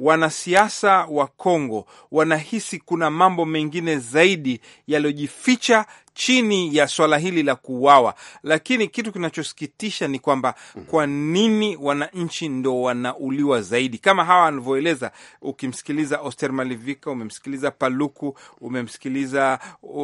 wanasiasa wa Kongo wanahisi kuna mambo mengine zaidi yaliyojificha chini ya swala hili la kuuawa. Lakini kitu kinachosikitisha ni kwamba mhm. kwa nini wananchi ndo wanauliwa zaidi, kama hawa wanavyoeleza. Ukimsikiliza Oster Malivika, umemsikiliza Paluku, umemsikiliza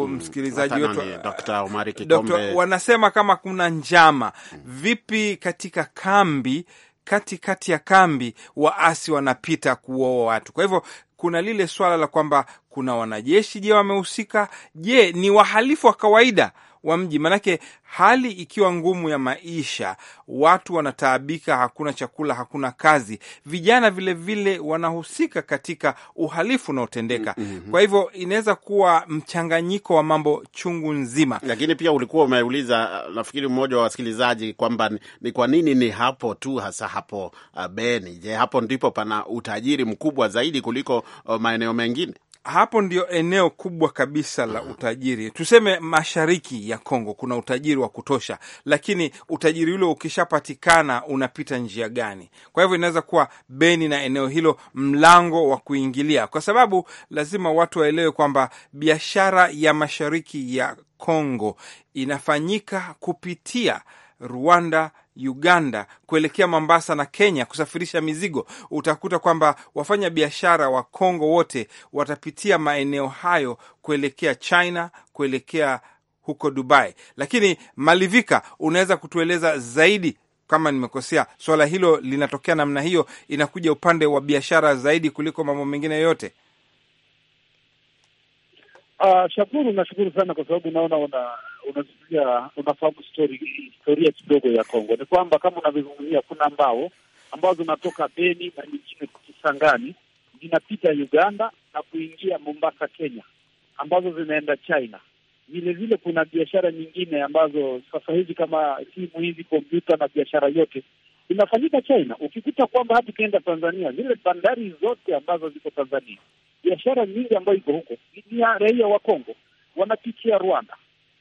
msikilizaji wetu eh, wanasema kama kuna njama mhm. vipi katika kambi katikati kati ya kambi, waasi wanapita kuoa watu. Kwa hivyo kuna lile swala la kwamba kuna wanajeshi, je, wamehusika? Je, ni wahalifu wa kawaida? wa mji, manake hali ikiwa ngumu ya maisha, watu wanataabika, hakuna chakula, hakuna kazi. Vijana vilevile vile wanahusika katika uhalifu unaotendeka. mm -hmm. Kwa hivyo inaweza kuwa mchanganyiko wa mambo chungu nzima, lakini pia ulikuwa umeuliza, uh, nafikiri mmoja wa wasikilizaji kwamba ni kwa nini ni hapo tu hasa hapo uh, Beni. Je, hapo ndipo pana utajiri mkubwa zaidi kuliko uh, maeneo mengine? hapo ndio eneo kubwa kabisa la utajiri. Tuseme mashariki ya Kongo kuna utajiri wa kutosha, lakini utajiri ule ukishapatikana unapita njia gani? Kwa hivyo inaweza kuwa Beni na eneo hilo mlango wa kuingilia, kwa sababu lazima watu waelewe kwamba biashara ya mashariki ya Kongo inafanyika kupitia Rwanda, Uganda kuelekea Mombasa na Kenya kusafirisha mizigo, utakuta kwamba wafanya biashara wa Kongo wote watapitia maeneo hayo kuelekea China, kuelekea huko Dubai. Lakini Malivika, unaweza kutueleza zaidi kama nimekosea, swala hilo linatokea namna hiyo, inakuja upande wa biashara zaidi kuliko mambo mengine yote Uh, ah, shukuru, nashukuru sana kwa sababu naona unazungumzia una, unafahamu historia kidogo ya Kongo. Ni kwamba kama unavyozungumzia, kuna mbao ambazo zinatoka Beni na nyingine Kisangani zinapita Uganda na kuingia Mombasa, Kenya, ambazo zinaenda China. Vile vile kuna biashara nyingine ambazo sasa hivi kama simu hizi, kompyuta na biashara yote inafanyika China, ukikuta kwamba hata ukienda Tanzania, zile bandari zote ambazo ziko Tanzania biashara nyingi ambayo iko huko ni ya raia wa Kongo, wanapitia Rwanda.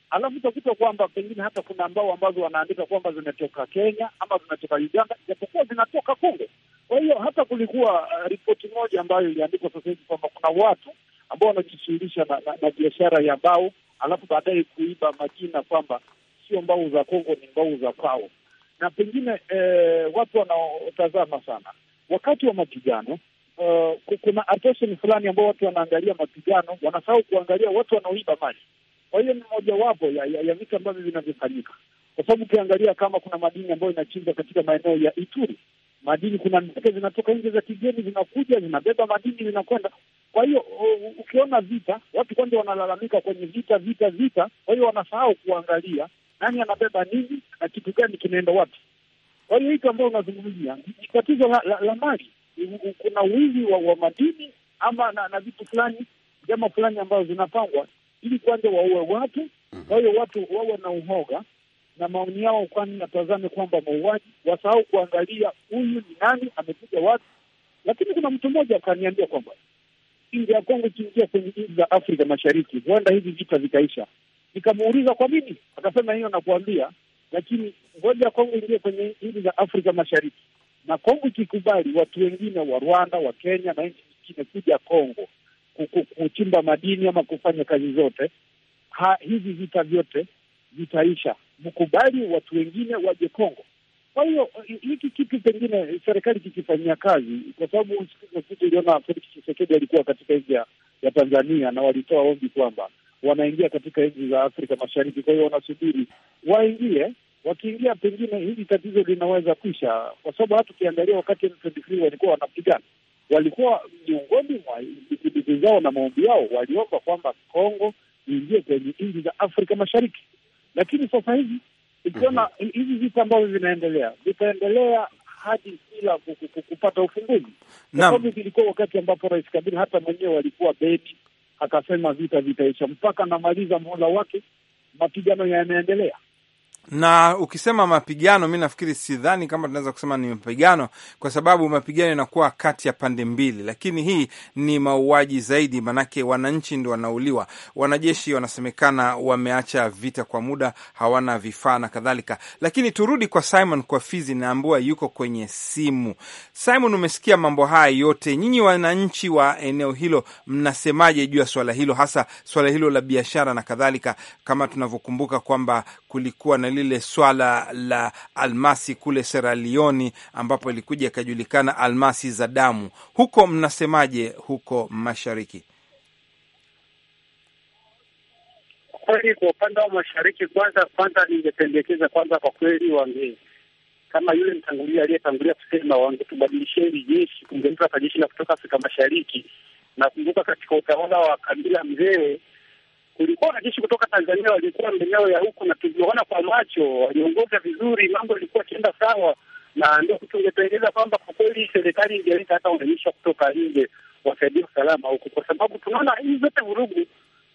Alafu utakuta kwamba pengine hata kuna mbao ambazo wanaandika kwamba zinatoka Kenya ama zinatoka Uganda, japokuwa zinatoka Kongo. Kwa hiyo hata kulikuwa uh, ripoti moja ambayo iliandikwa sasa hivi kwamba kuna watu ambao wanajishughulisha na, na, na biashara ya mbao, alafu baadaye kuiba majina kwamba sio mbao za Kongo, ni mbao za kwao. Na pengine eh, watu wanaotazama sana wakati wa mapigano uh, kuna attention fulani ambao watu wanaangalia mapigano, wanasahau kuangalia watu wanaoiba mali. Kwa hiyo ni mojawapo ya, ya, ya vitu ambavyo vinavyofanyika, kwa sababu ukiangalia kama kuna madini ambayo inachimbwa katika maeneo ya Ituri, madini kuna ndege zinatoka nje za kigeni zinakuja zinabeba madini zinakwenda. Kwa hiyo ukiona vita, watu kwanza wanalalamika kwenye vita vita vita, kwa hiyo wanasahau kuangalia nani anabeba nini na kitu gani kinaenda wapi. Kwa hiyo hitu ambayo unazungumzia ni tatizo la, la, la mali kuna wizi wa, wa madini ama na, na vitu fulani jama fulani ambazo zinapangwa ili kwanza waue watu. Kwa hiyo watu wawe na uhoga na maoni yao, kwani natazame kwamba mauaji, wasahau kuangalia huyu ni nani amepiga watu. Lakini kuna mtu mmoja akaniambia kwamba nchi ya Kongo ikiingia kwenye nchi za Afrika Mashariki huenda hivi vita vikaisha. Nikamuuliza kwa nini, akasema hiyo nakuambia, lakini ngoja Kongo ingie kwenye nchi za Afrika Mashariki na Kongo ikikubali watu wengine wa Rwanda, wa Kenya na nchi zingine kuja Kongo kuchimba madini ama kufanya kazi zote ha, hivi vita vyote vitaisha. Mkubali watu wengine waje Kongo. Kwa hiyo hiki kitu pengine serikali kikifanyia kazi, kwa sababu uliona Felix Tshisekedi alikuwa katika nchi ya Tanzania na walitoa ombi kwamba wanaingia katika nchi za Afrika Mashariki. Kwa hiyo wanasubiri waingie wakiingia, pengine hili tatizo linaweza kwisha, kwa sababu hata ukiangalia wakati M23 walikuwa wanapigana, walikuwa miongoni mwa vikundi zao na maombi yao waliomba kwamba Kongo iingie kwenye nchi za Afrika Mashariki, lakini sasa hivi ukiona mhm. hivi vita ambavyo vinaendelea vitaendelea hadi bila kupata ufunguzi kwa sababu vilikuwa wakati ambapo Rais Kabila hata mwenyewe alikuwa beti akasema vita vitaisha, mpaka anamaliza muhula wake, mapigano yanaendelea na ukisema mapigano, mi nafikiri, sidhani kama tunaweza kusema ni mapigano, kwa sababu mapigano yanakuwa kati ya pande mbili, lakini hii ni mauaji zaidi, manake wananchi ndo wanauliwa. Wanajeshi wanasemekana wameacha vita kwa muda, hawana vifaa na kadhalika. Lakini turudi kwa Simon kwa Fizi, naambua yuko kwenye simu. Simon, umesikia mambo haya yote, nyinyi wananchi wa eneo hilo mnasemaje juu ya swala hilo, hasa swala hilo la biashara na kadhalika? Kama tunavyokumbuka kwamba kulikuwa na lile swala la almasi kule Sierra Leone, ambapo ilikuja ikajulikana almasi za damu. Huko mnasemaje huko mashariki? Kweli kwa upande wa mashariki, kwanza kwanza ningependekeza kwanza, kwa kweli wange kama yule mtangulia aliyetangulia kusema, wangetubadilishia hili jeshi, kungeuka kwa jeshi la kutoka Afrika Mashariki. Nakumbuka katika utawala wa Kabila Mzee kulikuwa wanajeshi kutoka Tanzania walikuwa maeneo ya huku, na tuliona kwa macho, waliongoza vizuri, mambo yalikuwa akienda sawa, na ndio tungependeza kwamba kwa kweli serikali ingeleta hata wanajeshi kutoka nje wasaidia usalama huku, kwa sababu tunaona hizi zote vurugu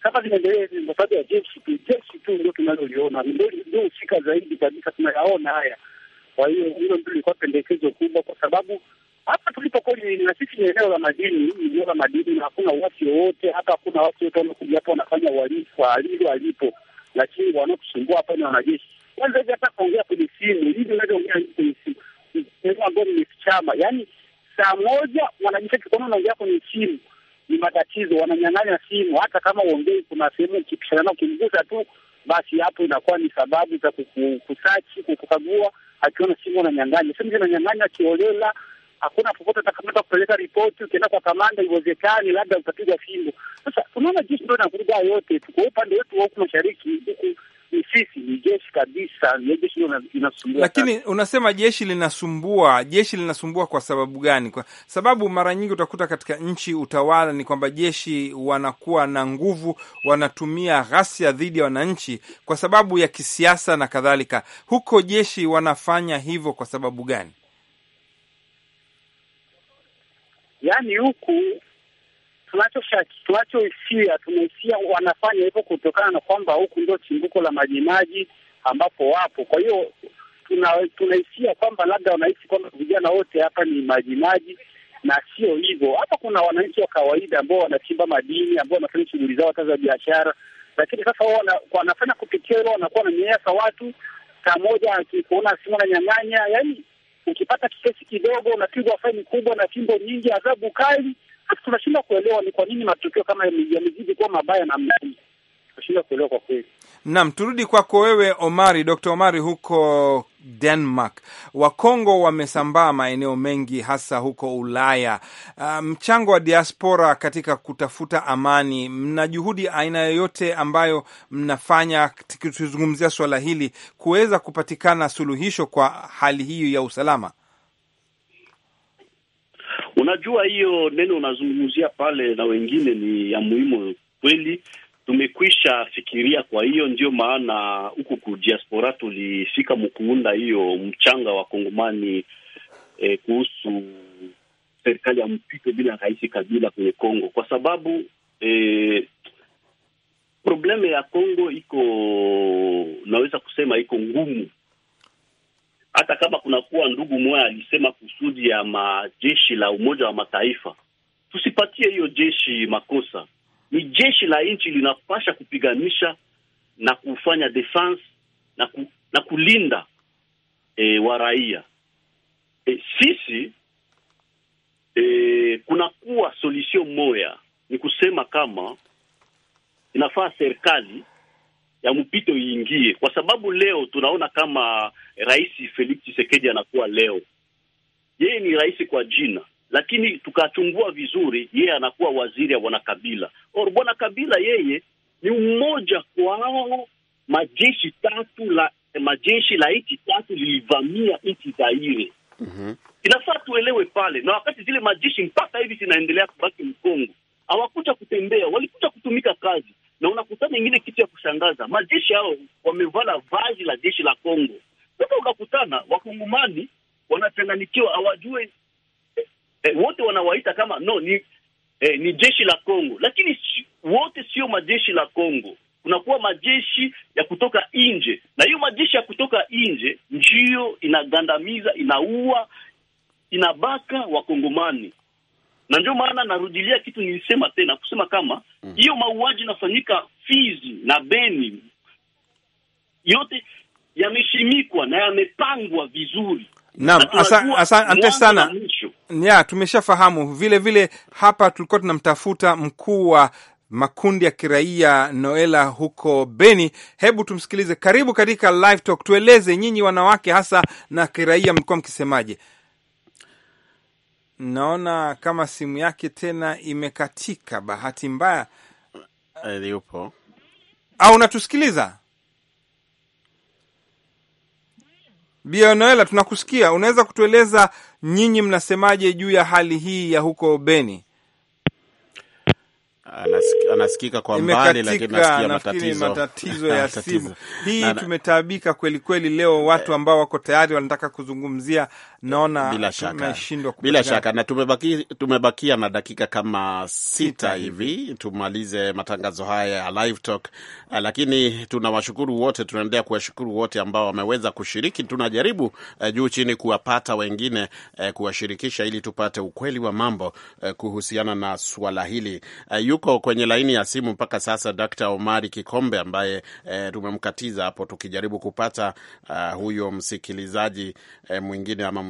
sasa zinaendelea kwa sababu ya jeshi tu. Jeshi tu ndio tunaloliona, ndio husika zaidi kabisa, tunayaona haya. Kwa hiyo hilo ndio lilikuwa pendekezo kubwa, kwa sababu hapa tulipokuwa na sisi ni eneo la madini, eneo la madini, na hakuna watu wowote hata hakuna watu wote wamekuja hapa wanafanya uhalifu alivyo alipo, lakini wanaotusumbua hapa ni wanajeshi. Kwanza hivi hata kuongea kwenye simu hivi unavyoongea kwenye simu ambayo nimefichama, yani saa moja wanajeshi tukaona unaongea kwenye simu ni matatizo, wananyang'anya simu. Hata kama uongei, kuna sehemu ukipishana nao, ukimgusa tu, basi hapo inakuwa ni sababu za kukusachi, kukukagua. Akiona simu wananyang'anya, simu, zinanyang'anya kiolela hakuna popote atakamata kupeleka ripoti. Ukienda kwa kamanda, iwezekani labda utapiga fimbo. Sasa unaona jeshi ndo inavuruga yote tuko upande wetu wa huku mashariki huku ni sisi, ni jeshi kabisa, ni jeshi ndo inasumbua. Lakini unasema jeshi linasumbua, jeshi linasumbua kwa sababu gani? Kwa sababu mara nyingi utakuta katika nchi utawala ni kwamba jeshi wanakuwa na nguvu, wanatumia ghasia dhidi ya wananchi kwa sababu ya kisiasa na kadhalika. Huko jeshi wanafanya hivyo kwa sababu gani? Yaani huku tunachohisia tunahisia wanafanya hivyo kutokana na kwamba huku ndio chimbuko la majimaji ambapo wapo. Kwa hiyo tunahisia kwamba labda wanahisi kwamba vijana wote hapa ni majimaji na sio hivyo. Hapa kuna wananchi wa kawaida ambao wanachimba madini, ambao wanafanya shughuli zao hata za biashara, lakini sasa wao wanafanya kupitia hilo, wanakuwa wananyanyasa watu. Saa moja akikuona simu nyang'anya, yaani Ukipata kikesi kidogo unapigwa faini kubwa na fimbo nyingi, adhabu kali. Sasa tunashindwa kuelewa ni kwa nini matukio kama yamezidi kuwa mabaya namna hii, tunashindwa kuelewa kwa kweli. Nam, turudi kwako wewe Omari, Dr Omari, huko Denmark Wakongo wamesambaa maeneo mengi, hasa huko Ulaya. Ah, mchango um, wa diaspora katika kutafuta amani, mna juhudi aina yoyote ambayo mnafanya, tukizungumzia swala hili kuweza kupatikana suluhisho kwa hali hiyo ya usalama? Unajua, hiyo neno unazungumzia pale na wengine ni ya muhimu kweli tumekwisha fikiria. Kwa hiyo ndio maana huku ku diaspora tulifika mkuunda hiyo mchanga wa Kongomani eh, kuhusu serikali ya mpito bila Rais Kabila kwenye Kongo kwa sababu eh, probleme ya Kongo iko naweza kusema iko ngumu, hata kama kunakuwa ndugu moya alisema kusudi ya majeshi la Umoja wa Mataifa tusipatie hiyo jeshi makosa ni jeshi la nchi linapasha kupiganisha na kufanya defense na, ku, na kulinda e, wa raia e, sisi e, kunakuwa solution moya ni kusema kama inafaa serikali ya mpito iingie, kwa sababu leo tunaona kama Rais Felix Tshisekedi anakuwa leo, yeye ni rais kwa jina, lakini tukachungua vizuri, yeye anakuwa waziri ya bwana Kabila. Or bwana Kabila yeye ni mmoja kwao majeshi tatu la majeshi la nchi tatu lilivamia nchi Zaire. mm -hmm. Inafaa tuelewe pale, na wakati zile majeshi mpaka hivi zinaendelea kubaki Mkongo, hawakuja kutembea, walikuja kutumika kazi. Na unakutana ingine kitu ya kushangaza, majeshi hao wamevala vazi la jeshi la Kongo. Sasa unakutana wakongomani wanachanganikiwa, hawajue eh, wote wanawaita kama no ni eh, ni jeshi la Kongo, lakini si, wote sio majeshi la Kongo. Kunakuwa majeshi ya kutoka nje, na hiyo majeshi ya kutoka nje ndiyo inagandamiza, inaua, inabaka Wakongomani na ndio maana narudilia kitu nilisema tena kusema kama mm. hiyo mm, mauaji inafanyika Fizi na Beni yote yameshimikwa na yamepangwa vizuri. Naam, asante sana ya, tumeshafahamu vile vile. Hapa tulikuwa tunamtafuta mkuu wa makundi ya kiraia Noela huko Beni. Hebu tumsikilize. Karibu katika Live Talk, tueleze nyinyi wanawake hasa na kiraia mlikuwa mkisemaje? Naona kama simu yake tena imekatika, bahati mbaya. Eh, yupo au ah, unatusikiliza? Bionoela, tunakusikia. Unaweza kutueleza nyinyi mnasemaje juu ya hali hii ya huko Beni? anasikika kwa mbali lakini nasikia matatizo, matatizo ya simu hii. Tumetaabika kweli kweli leo, watu ambao wako tayari wanataka kuzungumzia, naona bila shaka, bila shaka. Na tumebaki, tumebakia na dakika kama sita hivi tumalize matangazo haya ya live talk, eh, lakini tunawashukuru wote, tunaendelea kuwashukuru wote ambao wameweza kushiriki. Tunajaribu eh, juu chini kuwapata wengine eh, kuwashirikisha ili tupate ukweli wa mambo kuhusiana na swala hili yuko kwenye laini ya simu mpaka sasa Dr. Omari Kikombe ambaye e, tumemkatiza hapo tukijaribu kupata uh, huyo msikilizaji e, mwingine ama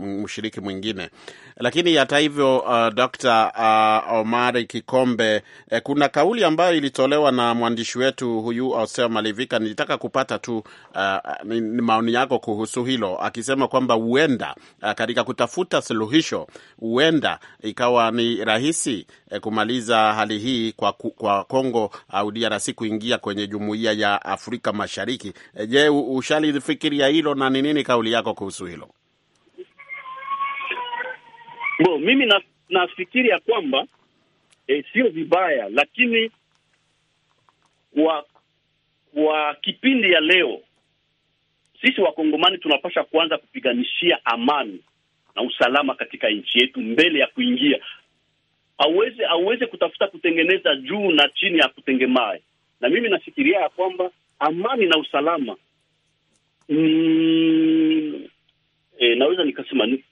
mshiriki mwingine. Lakini hata hivyo uh, ah, Dr. uh, ah, Omari Kikombe e, kuna kauli ambayo ilitolewa na mwandishi wetu huyu Ausea Malivika, nilitaka kupata tu uh, ni, ni maoni yako kuhusu hilo, akisema kwamba huenda uh, katika kutafuta suluhisho huenda ikawa ni rahisi eh, kumaliza hali hii kwa, kwa Kongo au DRC kuingia kwenye jumuiya ya Afrika Mashariki. Eh, je, ushalifikiria hilo na ni nini kauli yako kuhusu hilo? Bo, mimi na, nafikiri ya kwamba eh, sio vibaya, lakini kwa kwa kipindi ya leo sisi wakongomani tunapasha kuanza kupiganishia amani na usalama katika nchi yetu mbele ya kuingia aweze aweze kutafuta kutengeneza juu na chini ya kutengemae. Na mimi nafikiria ya kwamba amani na usalama mm, e, naweza nikasema ni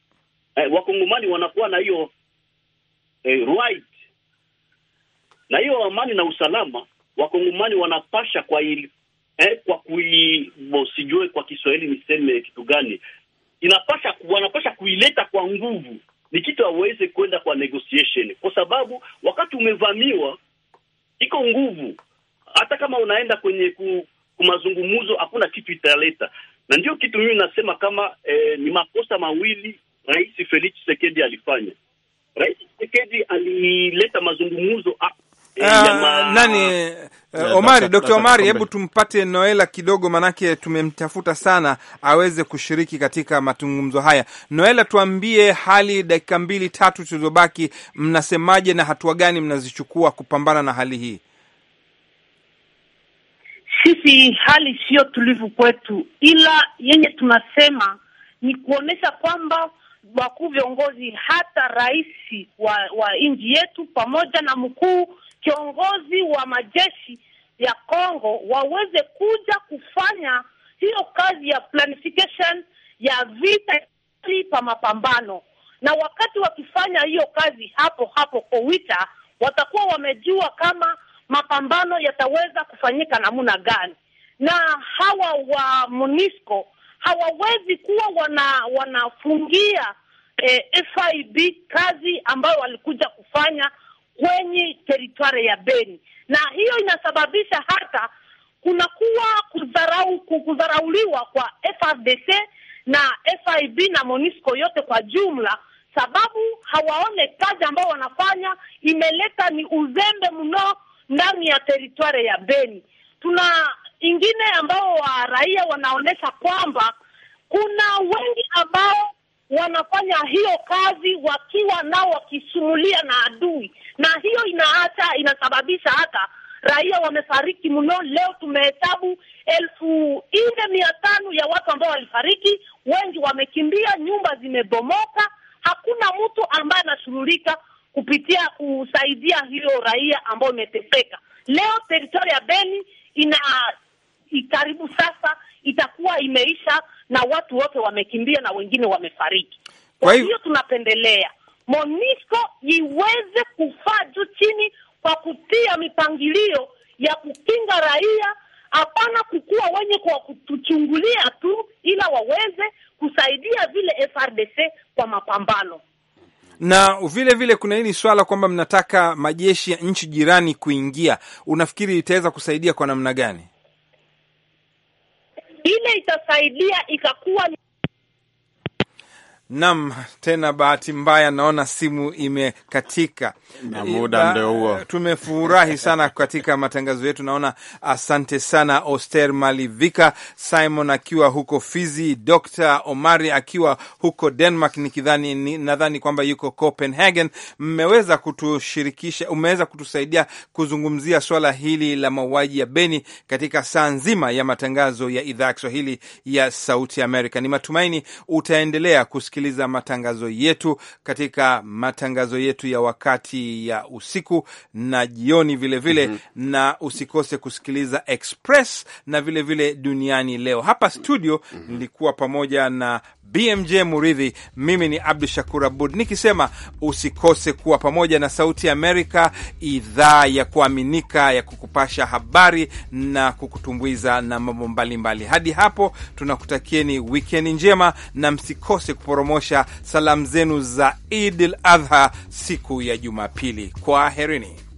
e, wakongomani wanakuwa na hiyo e, right na hiyo amani na usalama wakongomani wanapasha kwa ili, eh, kwa kui sijue kwa Kiswahili niseme kitu gani inapasha wanapasha kuileta kwa nguvu ni kitu aweze kwenda kwa negotiation, kwa sababu wakati umevamiwa iko nguvu. Hata kama unaenda kwenye ku, kumazungumzo hakuna kitu italeta, na ndio kitu mimi nasema kama eh, ni makosa mawili Rais Felix Tshisekedi alifanya. Rais Tshisekedi alileta mazungumzo ah, Eh, eh, nani Uh, Omari, Dr. Omari, hebu tumpate Noela kidogo, manake tumemtafuta sana aweze kushiriki katika mazungumzo haya. Noela, tuambie hali, dakika mbili tatu tulizobaki, mnasemaje na hatua gani mnazichukua kupambana na hali hii? Sisi hali siyo tulivu kwetu, ila yenye tunasema ni kuonyesha kwamba wakuu viongozi, hata rais wa, wa nchi yetu pamoja na mkuu kiongozi wa majeshi ya Kongo waweze kuja kufanya hiyo kazi ya planification ya vita pa mapambano, na wakati wakifanya hiyo kazi hapo hapo Kowita, watakuwa wamejua kama mapambano yataweza kufanyika namna gani, na hawa wa MONUSCO hawawezi kuwa wana, wanafungia eh, FIB kazi ambayo walikuja kufanya kwenye teritwari ya Beni, na hiyo inasababisha hata kunakuwa kudharau, kudharauliwa kwa FRDC na FIB na MONUSCO yote kwa jumla, sababu hawaone kazi ambayo wanafanya imeleta ni uzembe mno ndani ya teritwari ya Beni. Tuna ingine ambao wa raia wanaonesha kwamba kuna wengi ambao wanafanya hiyo kazi wakiwa nao wakisumulia na adui, na hiyo inaacha inasababisha hata raia wamefariki mno. Leo tumehesabu elfu nne mia tano ya watu ambao walifariki, wengi wamekimbia, nyumba zimebomoka, hakuna mtu ambaye anashughulika kupitia kusaidia hiyo raia ambayo imeteseka. Leo teritoria ya Beni ina karibu sasa itakuwa imeisha na watu wote wamekimbia na wengine wamefariki. Kwa hiyo tunapendelea Monisco iweze kufaa juu chini kwa kutia mipangilio ya kukinga raia, hapana kukuwa wenye kwa kutuchungulia tu, ila waweze kusaidia vile FRDC kwa mapambano na vile vile kuna hili swala kwamba mnataka majeshi ya nchi jirani kuingia, unafikiri itaweza kusaidia kwa namna gani? ile itasaidia ikakuwa Nam, tena bahati mbaya naona simu imekatika na muda ndio huo. Tumefurahi sana katika matangazo yetu, naona asante sana Oster Malivika, Simon akiwa huko Fizi, Dr Omari akiwa huko Denmark, nikidhani nadhani kwamba yuko Copenhagen. Mmeweza kutushirikisha, umeweza kutusaidia kuzungumzia swala hili la mauaji ya Beni katika saa nzima ya matangazo ya idhaa ya Kiswahili ya Sauti Amerika. Ni matumaini utaendelea kusikia kusikiliza matangazo yetu katika matangazo yetu ya wakati ya usiku na jioni vilevile vile, mm -hmm. na usikose kusikiliza Express na vilevile vile Duniani Leo hapa studio. mm -hmm. pamoja na BMJ Muridhi. Mimi ni Abdu Shakur Abud nikisema usikose kuwa pamoja na Sauti ya Amerika, idhaa ya kuaminika ya kukupasha habari na kukutumbuiza na mambo mbalimbali. Hadi hapo tunakutakieni wikendi njema, na msikose kuporomosha salamu zenu za Idil Adha siku ya Jumapili. Kwaherini.